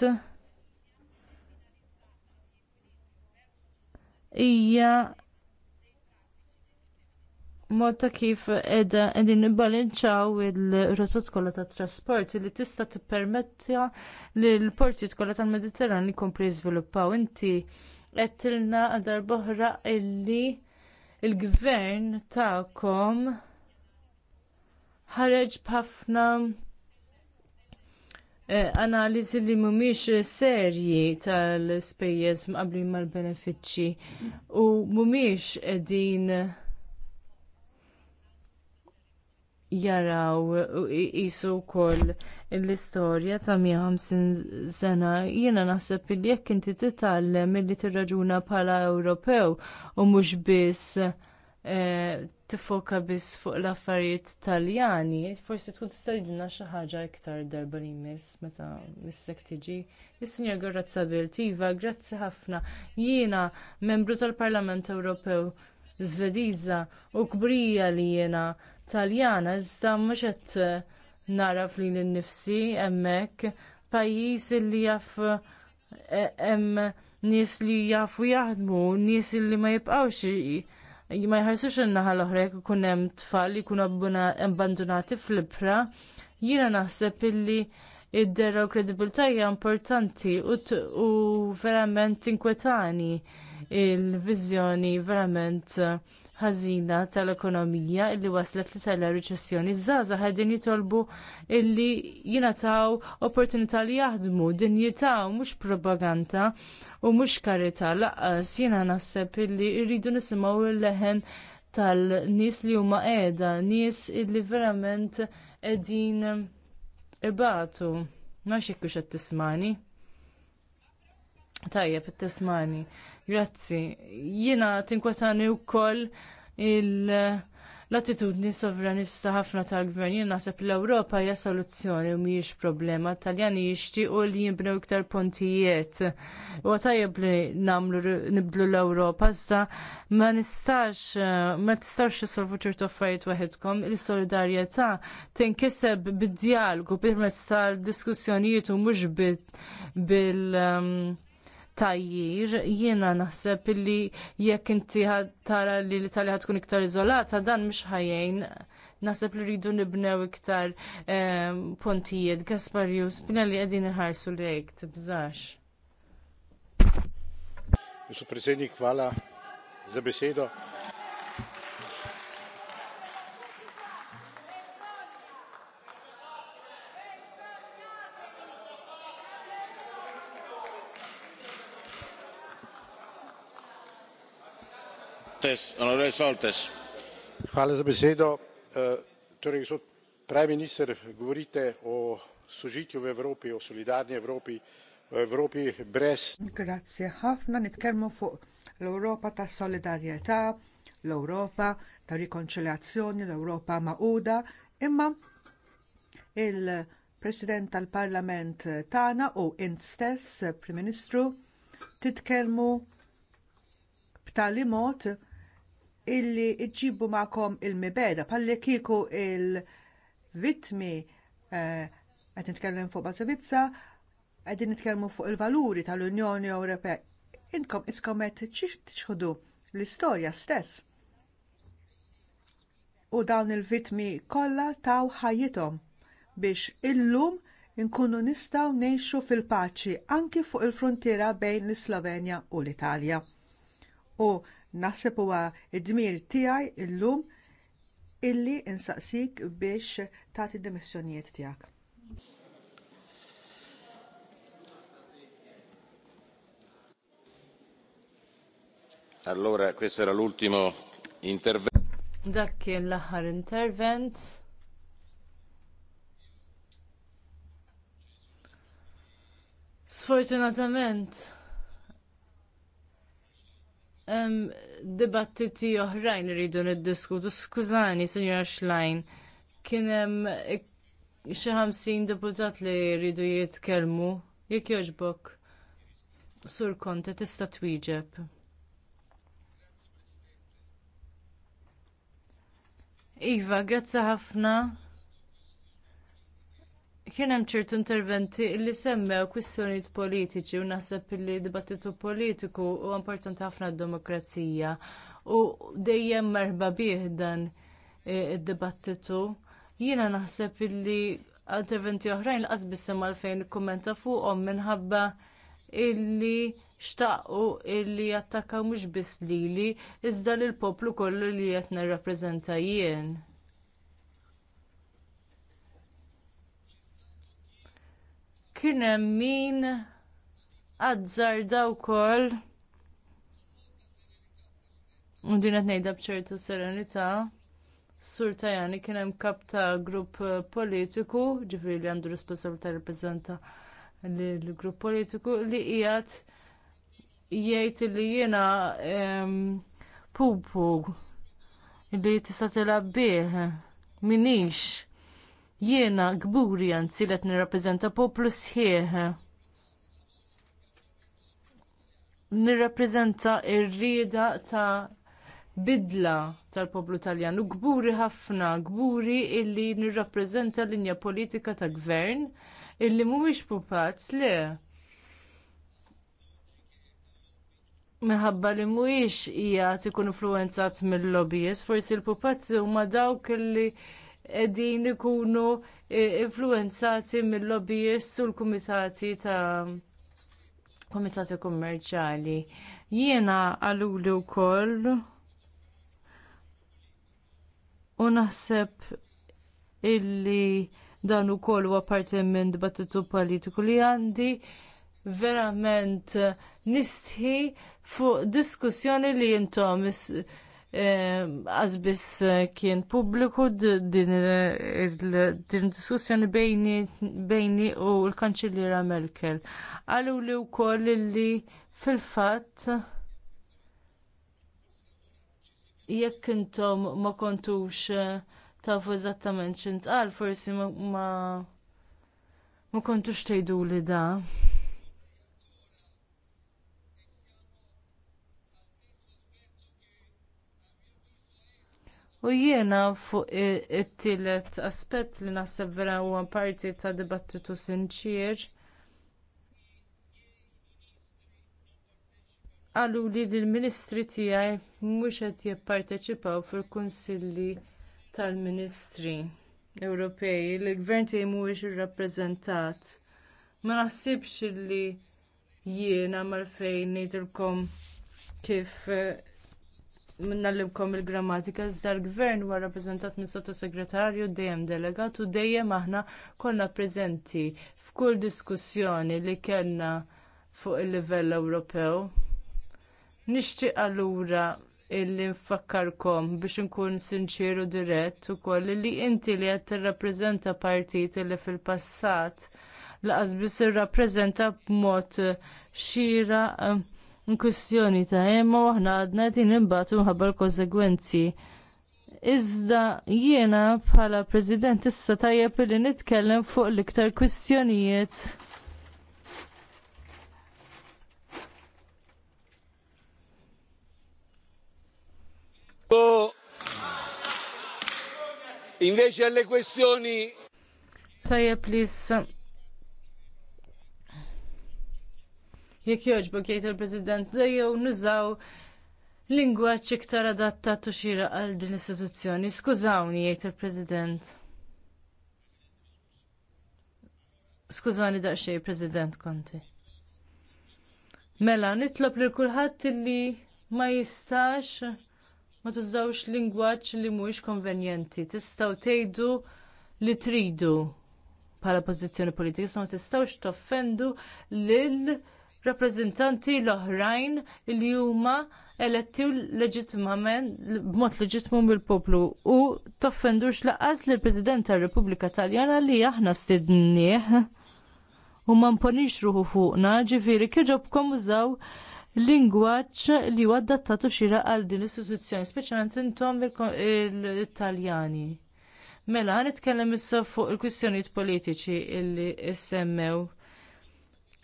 hija mod ta' kif edha qegħdin nibbalinċaw il-rotot kollha tat trasport li tista' tippermettja li l-portijiet kollha tal-Mediterran li jkomplu jiżviluppaw. Inti qed tilna għadar boħra illi l il gvern tagħkom ħareġ b'ħafna Eh, analiżi li mhumiex serji tal-spejjeż mqablin mal-benefiċċji u mhumiex din jaraw jisu wkoll l-istorja ta' 150 sena jiena naħseb li jekk inti titgħallem milli tirraġuna bħala Ewropew u mhux biss E, tifoka biss fuq l-affarijiet taljani, forsi tkun tistajdina xi ħaġa iktar darba li jmiss meta missek tiġi. Is-Sinjor Gorrazza Biltiva, grazzi ħafna. Jiena membru tal-Parlament Ewropew Zvediża u kbrija li jiena Taljana iżda mhux qed e, naraf li l-nifsi hemmhekk pajjiż li jaf e, hemm nies li jafu jaħdmu, nies li ma jibqgħux ma jħarsux n naħa l-oħra ikun hemm tfal li jkunu abbandonati fl-ibra, jiena naħseb illi id-derra u kredibilta hija importanti u verament inkwetani il-viżjoni verament ħażina tal-ekonomija illi waslet li tella riċessjoni. Zaza ħadin jitolbu illi jingħataw opportunità li jaħdmu dinjità u mhux propaganda u mhux karità laqqas jiena naħseb illi rridu nisimgħu l-leħen tal-nies li huma qiegħda, nies illi verament qegħdin ibatu. Ma xekk qed tismani. Tajjeb, tismani. Grazzi. Jiena tinkwetani wkoll il- L-attitudni sovranista ħafna tal-gvern Jina naħseb l-Ewropa hija soluzzjoni u mhijiex problema. Taljani jixtiequ li jimbnew iktar pontijiet. U tajjeb li nagħmlu nibdlu l-Ewropa iżda ma nistax ma tistax isolvu ċertu affarijiet waħedkom il-solidarjetà tinkiseb bid-dialogu permezz tal-diskussjonijiet u mhux bil um, tajjir, jiena naħseb li jekk inti tara li l-Italja tkun iktar iżolata, dan mhix ħajjin. Naħseb li rridu nibnew iktar ehm, pontijiet, Gaspar Jus, li qegħdin iħarsu lejk tibżax. Mr. Presidnik, kvala, za Soltes, onorevole Soltes. Hvala za besedo. Eh, torej, gospod pravi minister, govorite o sožitju v Evropi, o solidarni Evropi, o Evropi brez. Grazie ħafna, nitkellmu fuq l-Europa ta' solidarjetà, l-Europa ta' rikonċiljazzjoni, l-Europa maquda, imma il-President tal-Parlament tana u int stess, Prim Ministru, titkellmu b'tali mod illi iġibu ma'kom il-mibeda palli kieku il-vitmi qed eh, nitkellem fuq Bazovizza qegħdin nitkellmu fuq il-valuri tal-Unjoni Ewropea. Inkom iskom qed l-istorja stess. U dawn il-vitmi kollha taw ħajjithom biex illum inkunu nistgħu ngħixu fil-paċi anki fuq il-frontiera bejn l-Slovenja u l-Italja. U naħseb huwa id dmir tiegħi illum illi insaqsik biex tagħti d-dimissjonijiet tiegħek. Allora, questo era l'ultimo intervento. Dak kien l-aħħar intervent. Sfortunatament, dibattiti oħrajn li rridu niddiskutu. Skużani, Sinjora Schlein, kien hemm xi ħamsin deputat li rridu jitkellmu. Jekk jogħġbok, sur konta tista' twieġeb. Iva, grazzi ħafna. Kien hemm ċertu interventi li semmew kwistjonijiet politiċi u naħseb li dibattitu politiku huwa importanti ħafna d-demokrazija u dejjem marba bih dan e, id-dibattitu. Jiena naħseb li interventi oħrajn laqas bissem għalfejn kummenta fuqhom minħabba illi xtaqqu illi jattakkaw mhux biss lili iżda lill poplu kollu li qed nirrappreżenta jien. kien hemm min għadżarda wkoll u din qed ngħidha bċertu serenità. Sur Tajani kien hemm kap ta' grupp politiku, ġifieri li għandu responsabilta reprezenta l-grupp politiku li qiegħed jgħid li jiena ehm, pupu li tista' tila' bieħ minix Jiena gburi anzi qed nirrappreżenta poplu sħiħ. Nirrappreżenta r-rieda ta' bidla tal-poplu Taljan u gburi ħafna, gburi illi nirrappreżenta linja politika ta' gvern illi mhuwiex pupazz le. Minħabba li mhuwiex hija tkun influwenzat mill lobbies forsi l-pupazzi huma dawk illi qegħdin ikunu eh, influenzati mill lobbyist u l-kumitati ta' kumitati kummerċali. Jiena għalulu wkoll u naħseb illi dan ukoll huwa parti minn dibattitu politiku li għandi verament nisthi fuq diskussjoni li jintom għazbis eh, eh, kien publiku eh, din diskussjoni bejni u l-kanċillira Merkel. Għallu li u koll li fil-fat jekk intom ma kontux tafu eżattament xint għal forsi ma ma kontux tejdu li da. U jiena fuq it-tielet aspett li naħseb vera huwa parti ta' dibattitu sinċir. Għallu li l-ministri tiegħi mhux qed jipparteċipaw fil-kunsilli tal-ministri Ewropej li l-gvern tiegħi mhuwiex irrappreżentat. Ma naħsibx li jiena malfejn ngħidilkom kif minnallimkom il-grammatika iżda l-gvern huwa rappreżentat minn sottosegretarju dejjem delegat u dejjem aħna kollha preżenti f'kull diskussjoni li kellna fuq il-livell Ewropew. Nixtieq allura illi nfakkarkom biex nkun sinċeru dirett ukoll li inti li qed tirrappreżenta partit li fil-passat laqas biss irrappreżenta b'mod xira uh, kwistjoni ta' jemmo, aħna għadna din batu mħabbar l-konsegwenzi. Iżda jiena bħala President issa tajjeb li nitkellem fuq l-iktar kwistjonijiet Invece alle questioni. Tajjeb li issa jekk jogħġbok jgħid il-President jew nużaw lingwaġġ iktar adattat u xira għal din l-istituzzjoni. Skużawni jgħid il-President. Skużani daqsxejn President Konti. Mela, nitlob lil kulħadd li ma jistax ma tużawx lingwaġġ li mhuwiex konvenjenti. Tistgħu tgħidu li tridu bħala pożizzjoni politika, sa ma tistgħux toffendu lil rappresentanti l-oħrajn li huma eletti leġittimament b'mod leġittimu mill-poplu u toffendux laqas li l-President tar-Repubblika Taljana li aħna stidnieh u ma mponix ruħu fuqna ġifieri kieġobkom l lingwaġġ li huwa adattatu xira għal din l-istituzzjoni, speċjalment intom l-Italjani. Mela, nitkellem issa fuq il-kwistjonijiet politiċi illi semmew.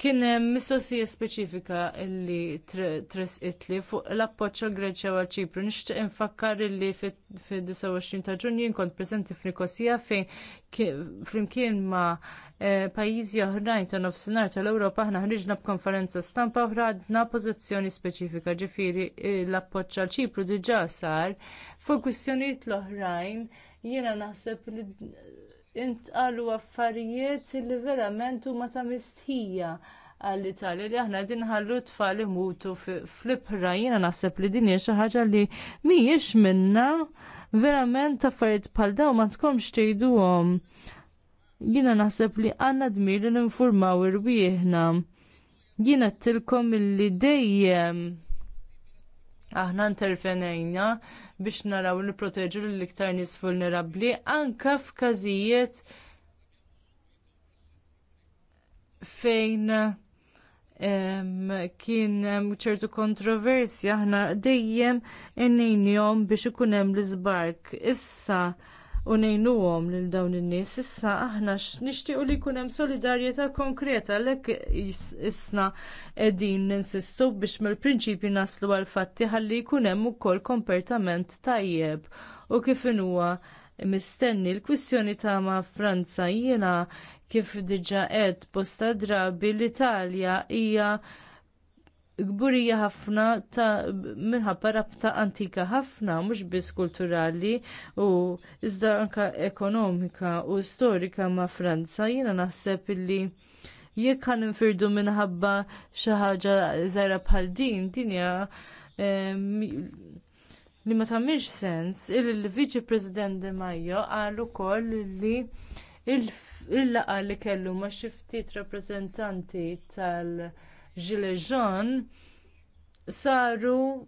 Kien hemm mistoqsija speċifika li tresqit li fuq l-appoġġ għal Greċja ċipru. Nixtieq infakkar li fid-29 ta' Ġunju kont preżenti f'Nikosija fejn flimkien ma' eh, pajjiżi oħrajn ta' nofsinhar tal-Ewropa aħna ħriġna b'konferenza stampa u ħradna pożizzjoni speċifika ġifieri eh, l-appoġġ għal ċipru diġà sar fuq kwistjonijiet l-oħrajn jiena naħseb li intqalu affarijiet li verament huma ta' mistħija għall-Italja li aħna din ħallu tfal imutu fl-ibħra jiena naħseb li din hija xi ħaġa li mhijiex minnha verament affarijiet bħal dawn ma tkomx tgħiduhom. Jiena naħseb li għandna dmir li ninfurmaw irwieħna. Jiena tilkom illi dejjem Aħna intervenejna biex naraw li proteġu l-iktar nies vulnerabbli anke f'każijiet fejn kien hemm ċertu kontroversja aħna dejjem innejnihom biex ikun hemm l-iżbark. Issa u ngħinuhom lil dawn in-nies. Issa aħna nixtiequ li jkun hemm solidarjetà konkreta għalhekk issa qegħdin ninsistu biex mill-prinċipju naslu għal fatti ħalli jkun hemm ukoll kompertament tajjeb u kif huwa mistenni l-kwistjoni ta' ma' Franza jiena kif diġà qed bosta drabi l-Italja hija gburija ħafna ta' minħabba rabta antika ħafna, mhux biss kulturali u iżda anke ekonomika u storika ma' Franza, jiena naħseb illi jekk ħan infirdu minħabba xi ħaġa żgħira bħal din, din hija li ma tagħmilx sens, il-Viċi President De Majo qal ukoll li il-laqa li kellu ma' xi ftit rappreżentanti tal- gilets saru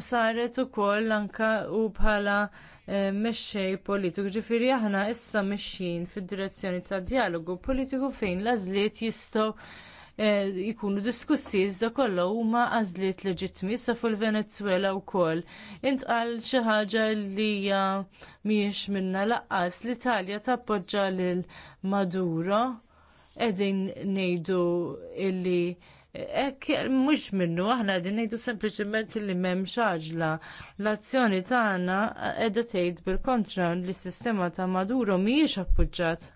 saret ukoll anke u bħala eh, mexxej politiku. ġifiri aħna issa mexxin fid-direzzjoni ta' dialogu politiku fejn l-għażliet jistgħu eh, jkunu diskussi iżda kollha huma għażliet leġittmi sa fuq il-Venezwela wkoll. Intqal xi ħaġa li hija mhijiex minna laqqas l-Italja tappoġġa lil Maduro qegħdin ngħidu illi eh, Ek, mux minnu, aħna għedin nejdu sempliciment li mem xaġla. L-azzjoni tagħna għana eh, tgħid bil-kontra li s-sistema ta' Maduro mhijiex appoġġjat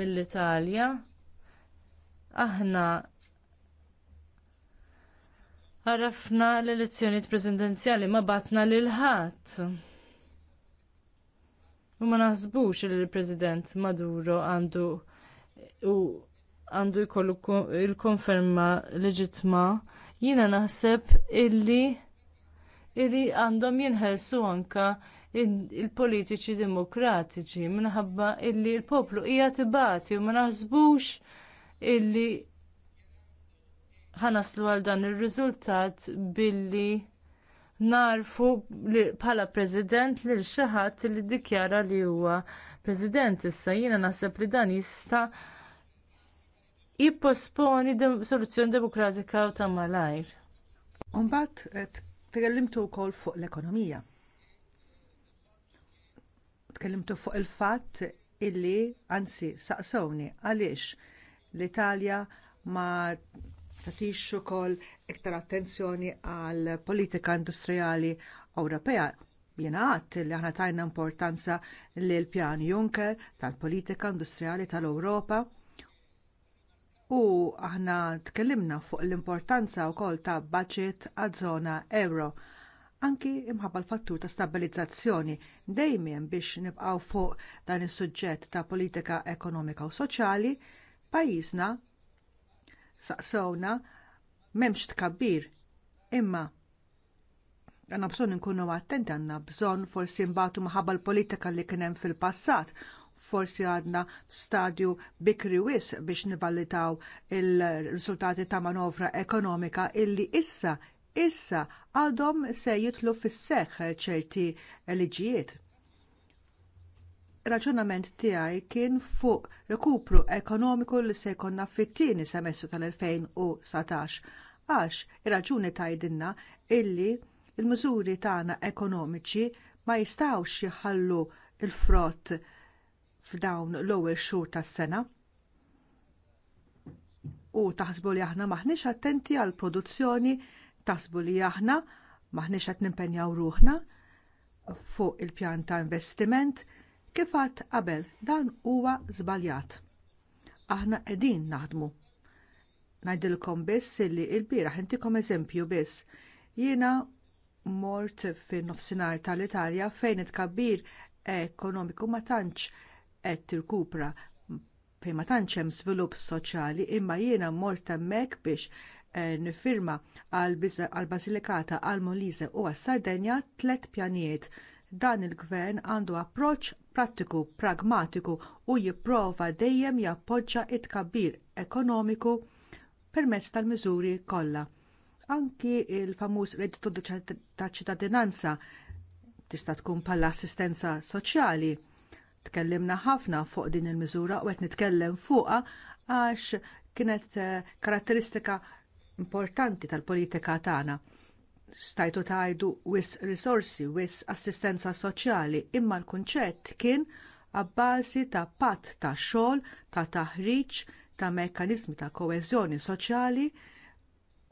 mill-Italja. Aħna għarafna l elezzjoni presidenzjali ma batna lil ħadd. U ma naħsbux li l-President Maduro għandu u għandu jkollu il-konferma leġitma jiena naħseb illi illi għandhom jinħelsu anka il-politiċi demokratiċi minħabba illi l poplu hija tibati u ma naħsbux illi ħanaslu għal dan ir-riżultat billi narfu bħala president lil xi ħadd li ddikjara li huwa president issa jiena naħseb li dan jista' jipposponi soluzzjoni demokratika u ta' malajr. Umbat, tkellimtu wkoll fuq l-ekonomija. Tkellimtu fuq il-fatt illi, anzi, saqsowni għaliex l-Italja ma tatix kol iktar attenzjoni għal politika industrijali Ewropea jena għat li aħna tajna importanza lill pjan Juncker tal-politika industrijali tal-Ewropa U aħna tkellimna fuq l-importanza wkoll ta' budget għaż-żona euro. Anki imħabba l-fattur ta' stabilizzazzjoni dejjem biex nibqgħu fuq dan is-suġġett ta' politika ekonomika u soċjali, pajjiżna saqsewna m'hemmx tkabbir imma għanna bżonn nkunu attenti għandna bżonn forsi mbagħad maħabba l-politika li kien hemm fil-passat forsi għadna stadju bikri wis biex nivalitaw il-risultati ta' manovra ekonomika illi issa issa għadhom se jitlu fis-seħħ ċerti liġijiet. Raġunament tiegħi kien fuq rekupru ekonomiku li se jkollna fit-tieni semestru tal-2017 għax ir-raġuni tgħidilna illi l il miżuri tagħna ekonomiċi ma jistgħux jħallu l frott f'dawn l-ewwel xhur tas-sena. U taħsbu li aħna maħniex attenti għall produzzjoni, taħsbu li aħna maħniex qed nimpenjaw ruħna fuq il-pjan ta' investiment kif għadd qabel dan huwa żbaljat. Aħna qegħdin naħdmu. Ngħidilkom biss li l-bieraħ intikom eżempju biss. Jiena mort fin nofsinhar tal-Italja fejn it-kabbir ekonomiku ma tantx qed tirkupra fejn ma tantx hemm żvilupp soċjali imma jiena mort hemmhekk biex eh, nifirma għall Basilikata għal Molise u għas Sardenja tliet pjanijiet. Dan il-gvern għandu approċċ prattiku, pragmatiku u jipprova dejjem jappoġġa t tkabbir ekonomiku permezz tal-miżuri kollha. Anki l famuż reddito ta' ċittadinanza tista' tkun bħala assistenza soċjali Tkellimna ħafna fuq din il-miżura u qed nitkellem fuqha għax kienet eh, karatteristika importanti tal-politika tagħna. Stajtu tajdu wis risorsi, wis assistenza soċjali, imma l-kunċett kien għabbażi ta' patt ta' xogħol, ta' taħriġ, ta' mekkaniżmi ta' koezjoni soċjali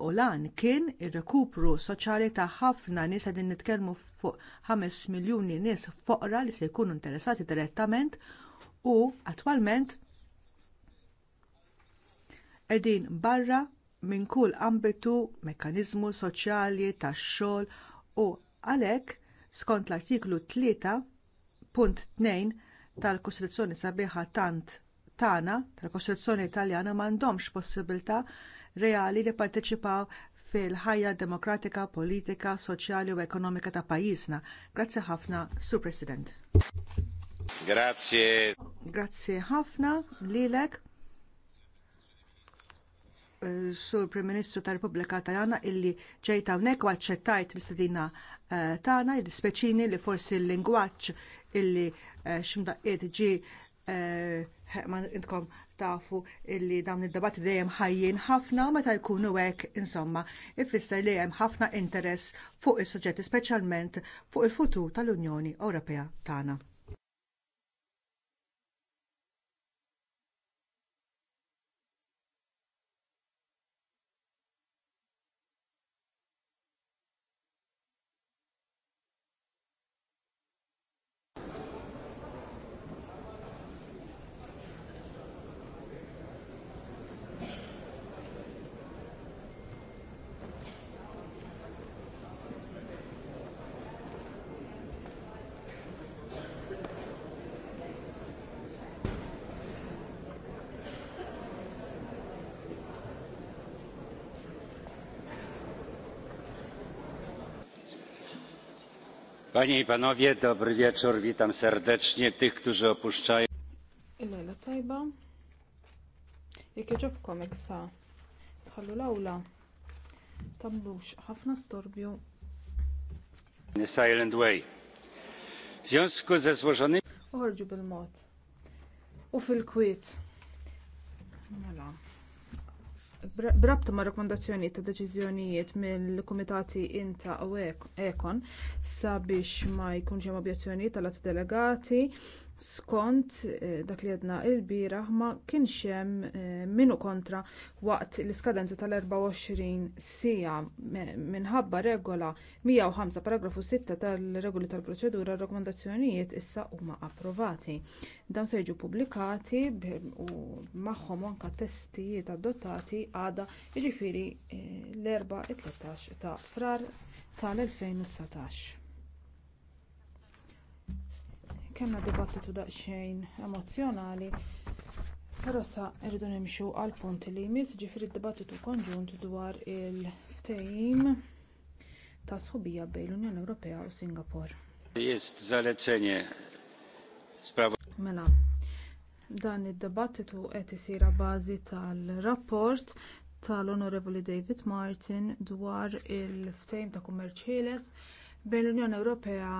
u lan kien ir-rekupru soċjali ta' ħafna nies qegħdin nitkellmu fuq 5 miljuni nies foqra li se jkunu interessati direttament u attwalment qegħdin barra minn kull ambitu mekkaniżmu soċjali tax-xogħol u għalhekk skont l-artiklu 3.2 tal-Kostituzzjoni sabiħa tant tagħna tal-Kostituzzjoni Italjana m'għandhomx possibilità reali li parteċipaw fil-ħajja demokratika, politika, soċjali u ekonomika ta' pajjiżna. Grazzi ħafna, Sur President. Grazie. Grazie ħafna lilek. Sur Prim Ministru tar Repubblika Tajana illi ġejta hawnhekk u għacċettajt l-istedina eh, il speċini li forsi l-lingwaġġ illi eh, x'imdaqqiet ġie eh, ma intkom tafu illi dawn id-debatti dejjem ħajjin ħafna meta jkunu hekk insomma ifisser li hemm ħafna interess fuq is-suġġetti speċjalment fuq il-futur tal-Unjoni Ewropea tagħna. Panie i panowie, dobry wieczór. Witam serdecznie tych, którzy opuszczają. il tajba. Jek iġobkom iksa tħallu l-awla tamlux ħafna storbju. In silent way. Związku ze złożonymi... Uħorġu bil-mod. U fil-kwiet. Mela. Brabta ma' rakkomandazzjoni ta' deċiżjonijiet mill-Kumitati Inta u Ekon sabiex ma jkunx hemm objezzjonijiet tal-att delegati skont eh, dak li għedna il-biraħ ma kienx hemm eh, minu kontra waqt l-iskadenza tal-24 siegħa minħabba regola 105 paragrafu 6 tal-regoli tal-proċedura r-rakkomandazzjonijiet issa huma approvati. Dan se jiġu pubblikati u magħhom anke testijiet adottati għada jiġifieri eh, l-4 13 ta' frar tal-2019 kellna dibattitu daqsxejn emozjonali però sa rridu nimxu għall punt li jmiss ġifieri d-dibattitu konġunt dwar il-ftehim ta' sħubija bejn l-Unjoni Ewropea u Singapore. Mela, dan id-dibattitu qed isir bażi tal-rapport tal-Onorevoli David Martin dwar il-ftehim ta' kummerċ ħieles bejn l-Unjoni Ewropea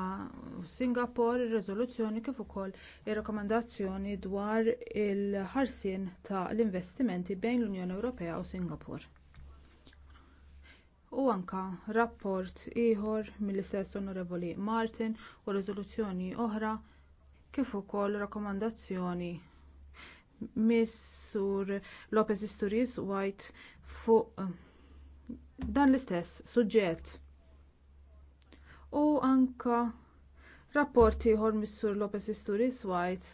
u Singapore ir-riżoluzzjoni kif ukoll ir-rakkomandazzjoni dwar il-ħarsien ta' l-investimenti bejn l-Unjoni Ewropea u Singapore. U anke rapport ieħor mill-istess Onorevoli Martin u riżoluzzjoni oħra kif ukoll rakkomandazzjoni Missur Lopez Isturiz White fuq eh, dan l-istess suġġett u anka rapporti ieħor Missur sur Lopez Isturis White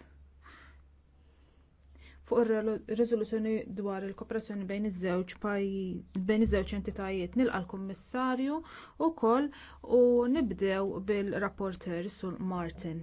fuq ir-riżoluzzjoni dwar il-kooperazzjoni bejn iż-żewġ bejn iż-żewġ entitajiet nilqa' l-Kummissarju wkoll u nibdew bil-rapporter Sur Martin.